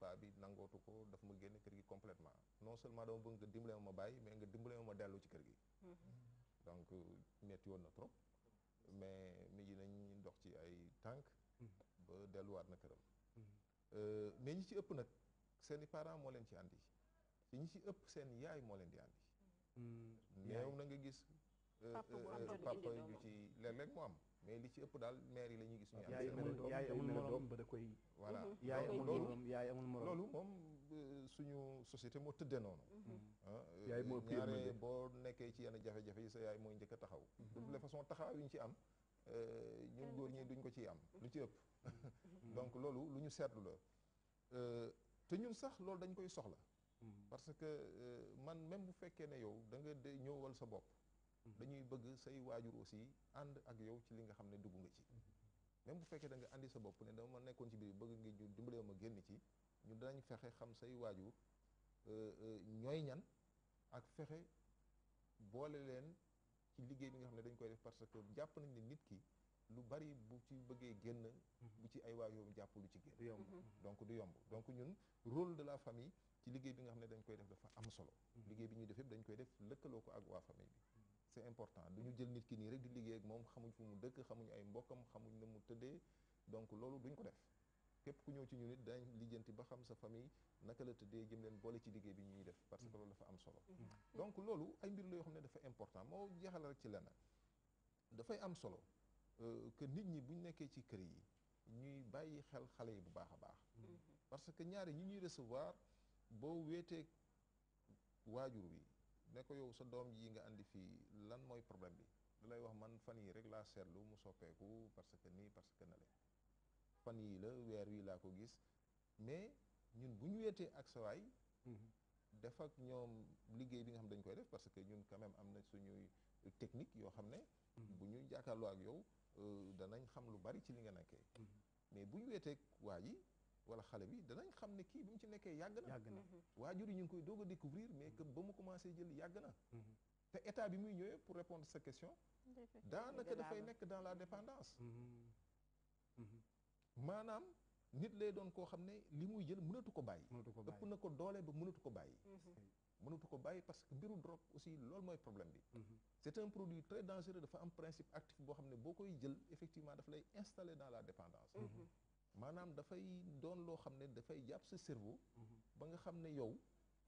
paa bi nangootu ko daf ma génne kër gi complètement non seulement dama bëgg nga dimbale ma ma bàyyi mais nga dimbale ma ma dellu ci kër gi mm-hmm. donc metti woon na trop mais mi ji nañ dox ci ay tànk mm-hmm. ba delluwaat na këram Euh, mais ñi ci ëpp nag seeni parent moo leen ci àndi te ñi ci ëpp seen yaay moo leen di àndi néew mm. na nga gis euh, papa euh, yu ci léeg-léeg mu am mais li ci ëpp daal maire yi la ñuy gis ñu am yaay amul yaay amul moroom yaay loolu moom suñu société moo tëddee noonu mhm. Mhm. Ah, yaay moo ñaare boo nekkee ci yenn jafe-jafe yi sa yaay mooy njëkk a taxaw mhm. de toute façon taxaw yu ñu ci am ñun góor ñi duñ ko ciy am lu ci ëpp Hmm. donc loolu lu ñu seetlu la euh, te ñun sax loolu dañ koy soxla hmm. parce que euh, man même bu fekkee ne yow da nga de ñëwal sa bopp hmm. dañuy bëgg say waajur aussi ànd ak yow ci li nga xam ne dugg nga ci même bu fekkee da nga àndi sa bopp ne dama nekkoon ci biir bëgg ngi ñu dimbalee ma génn ci ñu danañ fexe xam say waajur euh, ñooy ñan ak fexe boole leen ci liggéey bi nga dañ koy def parce que jàpp nañ ne nit ki lu bari bu ci bëggee génn mhm. bu ci ay waayoom jàpp lu ci génn mhm. donc du yomb donc ñun rôle de la famille ci liggéey bi nga xam ne dañ koy def dafa am solo mhm. liggéey bi ñuy def dañ koy def lëkkaloo ko ak waa famille bi c'est important du ñu jël nit ki nii rek di liggéey ak moom xamuñ fu mu dëkk xamuñ ay mbokkam xamuñ na mu tëddee donc loolu duñ ko def képp ku ñëw ci ñu it dañ lijjanti ba xam sa famille naka la tëddee jëm leen boole ci liggéey bi ñuy def parce que loolu dafa am solo donc loolu ay mbir la yoo xam ne dafa important moo jeexal rek ci lenn dafay am solo Euh, que nit ñi bu ñu nekkee ci kër yi ñuy bàyyi xel xale yi bu baax a baax mm-hmm. parce que ñaari ñi ñuy recevoir boo wéetee waajur wi ne ko yow sa doom yi nga andi fii lan mooy problème bi da lay wax man fan yii rek laa seetlu mu soppeeku parce que nii parce que na fan yii la weer wi laa ko gis mais ñun bu ñu wéetee ak sa waay mm-hmm. def ak ñoom liggéey bi nga xam dañ koy def parce que ñun quand am na suñuy technique yoo xam ne mm-hmm. bu ñu jàkkaarloo ak yow Euh, danañ xam lu bari ci li nga nekkee mm-hmm. mais bu ñu weeteeg waa ji wala xale bi danañ xam ne kii bi mu ci nekkee yàgg na mm-hmm. waajur yi ñu ngi koy doog a découvrir mais que ba mu commencé jël yàgg na mm-hmm. te état bi muy ñëwee pour répondre sa question daanaka dafay nekk dans la dépendance maanaam nit lay doon koo xam ne li muy jël mënatu ko bàyyi ëpp na ko doole ba mënatu ko bàyyi mënatu ko bàyyi parce que mbiru drogue aussi loolu mooy problème bi mhm. c'est un produit très dangereux dafa am principe actif boo xam ne boo koy jël effectivement daf lay installer dans la dépendance mhm. maanaam dafay doon loo xam ne dafay jàpp sa servo mhm. ba nga xam ne yow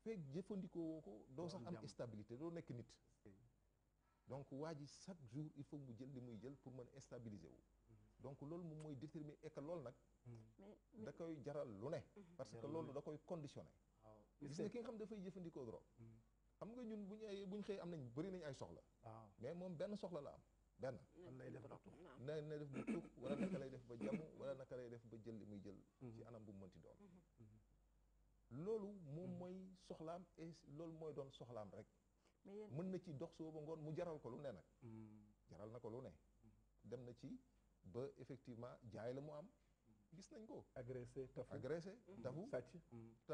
fekk jëfandikoo ko doo sax am stabilité doo nekk nit donc waa ji chaque jour il faut mu jël li muy jël pour mën a stabiliser wu donc loolu moom mooy déterminer et que nag da koy jaral lu ne parce que loolu da koy conditionné gis nga ki nga xam dafay jëfandikoo drogue hmm. xam nga ñun bu ñu ay bu xëyee am nañ bëri nañ ay soxla waaw mais moom benn soxla la am benn lay def na na def ba tuux naka lay def ba jàmm wala naka lay def ba jël li muy jël hmm. ci anam bu mu mënti doon hmm. loolu moom mooy soxlaam et loolu mooy doon soxlaam rek mën na ci dox sooba ngoon mu jaral ko lu ne nag jaral na ko lu ne dem na ci ba effectivement jaay la mu am gis nañ ko. agressé tafu agressé mm-hmm. tafu. nax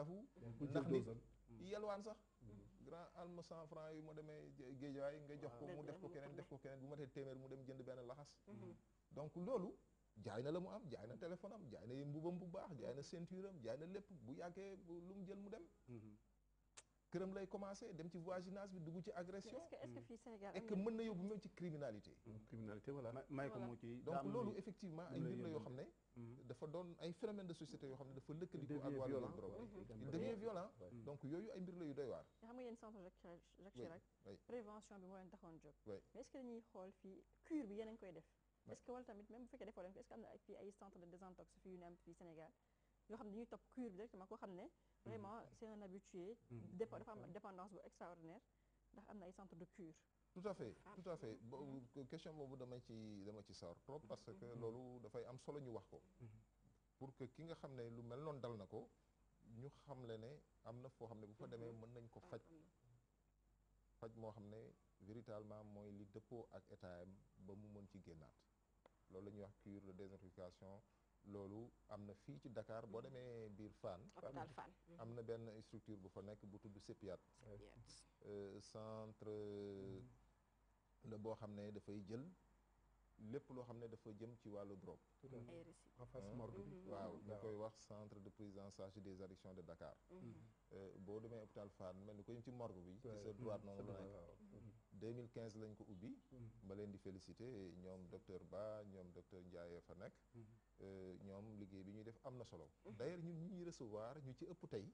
mm-hmm. tafu. ndax nit yalwaan sax. Mm-hmm. grand alma cent franc yu ma demee géejawaay nga jox ko mu def ko keneen def ko keneen bu ma tee téeméer mu dem jënd benn laxas. donc loolu jaay na la mu am jaay na téléphone am jaay na mbubam bu baax jaay na ceinture am jaay na lépp bu yàggee lu mu jël mu dem. këram lay commencé dem ci voisinage bi dugg ci agression. est ce que est-ce que mm. fi Sénégal et que meun na yóbbu même ci criminalité. Mm, criminalité voilà may ko mo ci. donc lolu effectivement ay mbir la yo xamné mm. dafa don ay phénomène de société yo xamné ne dafa lëkkalikoo ak wàllu drogue il devient violent mm-hmm. donc yoyu ay mbir la yu doy war xam nga yéen centre Jacques Chirac prévention bi mo leen taxone jóg mais est-ce que dañuy xol fi cure bi yéen ngi koy def est-ce que wala tamit même bu fekkee defoo leen ko est-ce que am na fii ay centre de désintox fi yu ne fi Sénégal yoo xam ne dañuy cure bi directement koo xam vraiment mm-hmm. c'est un habitué mm-hmm. mm-hmm. dépendance bu extraordinaire ndax am centres ay centre de cure tout à fait ah. tout à fait question vous dama ci dama ci sawar trop parce que loolu dafay am solo ñu wax ko pour que ki nga xam lu mel noonu dal na ñu xam le ne am na foo xam ne bu fa demee mën nañ ko ah, faj faj moo xam véritablement mooy li dépôt ak état am ba mu mën ci génnaat loolu la ñuy wax cure de désintoxication loolu amna fi ci Dakar bo hmm. demee bir fan, amna na benn structure bu fa nek bu tudd CEPIAT euh, centre euh, le bo xamné da fay jël lepp lo xamné da fa jëm ci walu drogue en face hein? morgue hmm. waaw ñu koy wax centre de prise en charge des addictions de Dakar hmm. euh, bo demee hôpital fan, mel ni ko ñu ci morgue bi ci sa droite non la 2015 lañ ko ubbi ma leen di féliciter ñom docteur Ba ñom docteur Ndiaye fa nek Euh, ñoom liggéey bi ñuy def am na solo. Mhm. d'ailleurs ñun ñu ñuy recevoir ñu ci ëpp tey.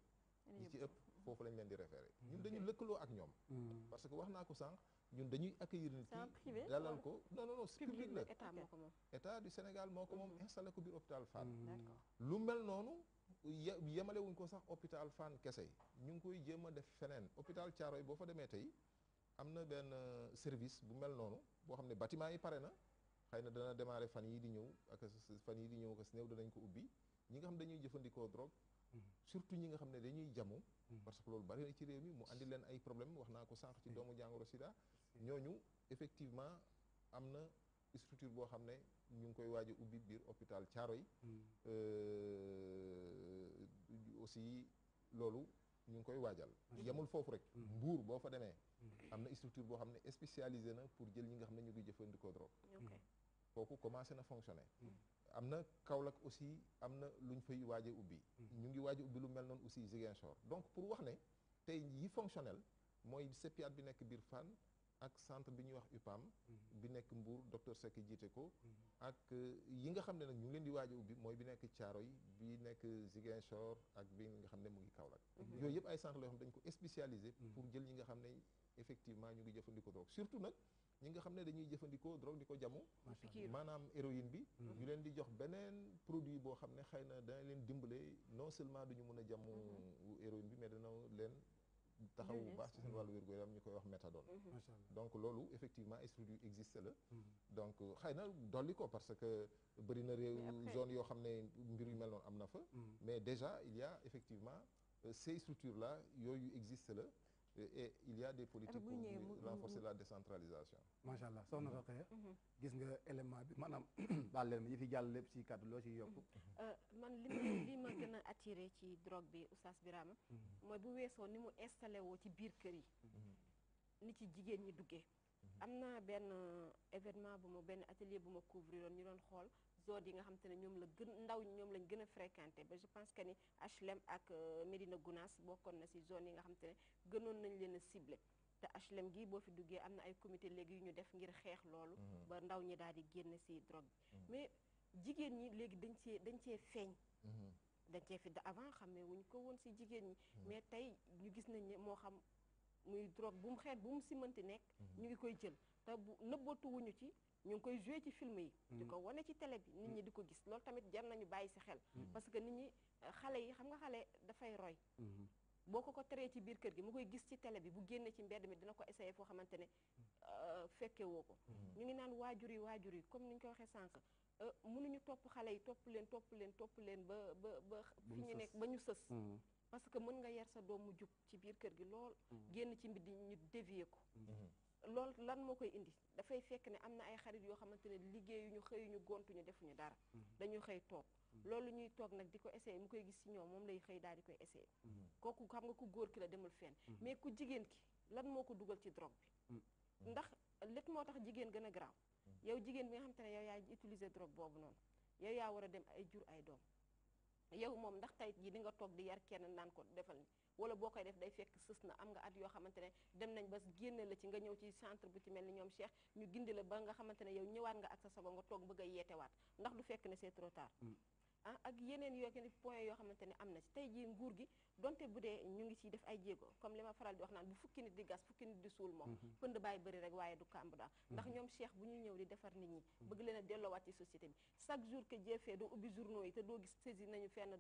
ñu ci ëpp foofu lañ leen di référé. Mhm. ñun dañu lëkkaloo ak ñoom. Mhm. parce que wax naa ko sànq ñun dañuy accueillir nit ki dalal ko non non non la état du Sénégal moo ko moom installé ko biir hôpital Fann lu mel noonu yemale wuñ ko sax hopital Fann kese ñu ngi koy jéem a def feneen caaro Thiaroye boo fa demee tey am na benn euh, service bu mel noonu boo xam ne bâtiment yi pare na xay na dana démarrer fan yii di ñëw ak fan yii di ñëw ak néew danañ ko ubbi ñi nga xam dañuy jëfandikoo drogue mm-hmm. surtout ñi nga xam ne dañuy jamu mm-hmm. parce que loolu bari na ci réew mi mu andi leen ay problème wax naa ko sànq ci doomu jàngoro sida ñooñu effectivement am na structure boo xam ne ñu ngi koy waaj ubbi biir hôpital Thiaroye mm-hmm. euh, aussi loolu ñu ngi koy waajal yemul foofu rek mbuur boo fa demee am na structure boo xam ne spécialisé na pour jël ñi nga xam ne ñu ngi jëfandikoo drogue kooku commencé na fonctionner. Mm. am na Kaolack aussi am na lu ñu fay waaj a ubbi. Mm. ñu ngi waaj ubbi lu mel noonu aussi Ziguinchor donc pour wax ne tey yi fonctionnel mooy CEPIAT bi nekk biir Fann ak centre bi ñu wax UPAM. Mm-hmm. bi nekk Mbour docteur Seck jiite ko. Mm-hmm. ak euh, yi nga xam ne nag ñu ngi leen di waaj a ubbi mooy bi nekk Thiaroy bi nekk Ziguinchor ak bi nga xam ne mu ngi Kaolack. Mm-hmm. yooyu yëpp ay centre la yoo xam dañ ko spécialisé. pour jël ñi nga xam ne effectivement ñu ngi jëfandikoo surtout nag. ñi nga xam dañuy jëfëndiko drogue diko jamu manam héroïne bi mm-hmm. ñu leen di jox benen produit bo xamné ne xëy leen dimbale non seulement duñu mëna jamu mm-hmm. héroïne bi mais dañu leen taxaw baax ci seen walu wér gu yaram wax méthadone mm-hmm. donc lolu effectivement esprit du existe la donc xëy doli ko parce que bari na réew zone yo xamné mbir yu mel non amna na fa mais déjà il y a effectivement euh, ces structures là yooyu existe la et il y a des politiques pour renforcer la décentralisation macha allah soxna Rokhaya mm-hmm. gis nga élément bi maanaam baal leen yi fi jàll lépp si kàddu loo ciy yokk mm-hmm. euh, man li ma li ma gën a attire ci drogue bi oustaz Birama mm-hmm. mooy bu weesoo ni mu installé woo ci biir kër yi ni ci jigéen ñi duggee am na benn euh, événement bu ma benn atelier bu ma couvriroon ñu doon xool zone yi nga xam te ne ñoom la gën ndaw ñoom lañ gën a fréquenté ba je pense que ni HLM ak euh, Médina Gounass bokkoon na si zone yi nga xam te ne gënoon nañ leen a ciblé te HLM gi boo fi duggee am na ay comité léegi yu ñu def ngir xeex loolu mm-hmm. ba ndaw ñi daal di génn si drogue bi mm-hmm. mais jigéen ñi léegi dañ cee dañ cee feeñ mm-hmm. dañ cee fi avant xam xamee wuñ ko woon si jigéen ñi mais tey ñu gis nañ ne moo xam muy drogue bu mu xeet bu mu simanti nekk ñu ngi koy jël te bu nëbbatu ci ñu ngi koy joué ci film yi mm. di ko wane ci tele bi nit ñi di ko gis loolu tamit jar nañu bàyyi si xel mm. parce que nit ñi euh, xale yi xam nga xale dafay roy mm-hmm. boo ko ko teree ci biir kër gi mu koy gis ci tele bi bu génnee ci mbedd mi dina ko essayé foo xamante ne euh, fekke woo ko mm-hmm. ñu ngi naan waajur yi waajur yi comme ni ñu ko waxee sànq euh, mënuñu topp xale yi topp leen topp leen topp leen ba ba ba fi ñu nekk ba ñu sës mm-hmm. parce que mën nga yar sa doom mu jub ci biir kër gi lool génn ci mbedd ñu dévier ko loolu lan moo koy indi dafay fekk ne am na ay xarit yoo xamante ne liggéeyuñu xëyuñu gontuñu defuñu dara mm-hmm. dañuy xëy toog mm-hmm. loolu ñuy toog nag di ko essayé mu koy gis ci ñoom moom lay xëy daal di koy essayé mm-hmm. kooku xam nga ko góor ki la demul fenn mais ku jigéen ki lan moo ko dugal ci drogue bi ndax lépp moo tax jigéen gën a garaaw yow jigéen bi nga xam xamante ne yow yaa utiliser drogue boobu noonu yow yaa war a dem ay jur ay doom yow moom ndax tey ji di nga toog di yar kenn naan ko defal ni wala boo koy def day fekk sës na am nga at yoo xamante ne dem nañ ba génne la ci nga ñëw ci centre bu ci mel ni ñoom Cheikh ñu gindi la ba nga xamante ne yow ñëwaat nga ak sa sago nga toog bëgga a yeetewaat ndax du fekk ne see trop tard mm. ah ak yeneen yoo kenn point yoo xamante ni am na ci tey jii nguur gi donte bu dee ñu ngi ciy def ay jéego comme li ma faral di wax naan bu fukki nit di gas fukki nit di suul moom mm-hmm. pënd bàyyi bëri rek waaye du kàmb daal mm-hmm. ndax ñoom cheikh bu ñuy ñëw di defar nit ñi mm-hmm. bëgg leen a delloowaat ci société bi chaque jour que jëfee doo ubbi journaux yi te doo gis saisir nañu fenn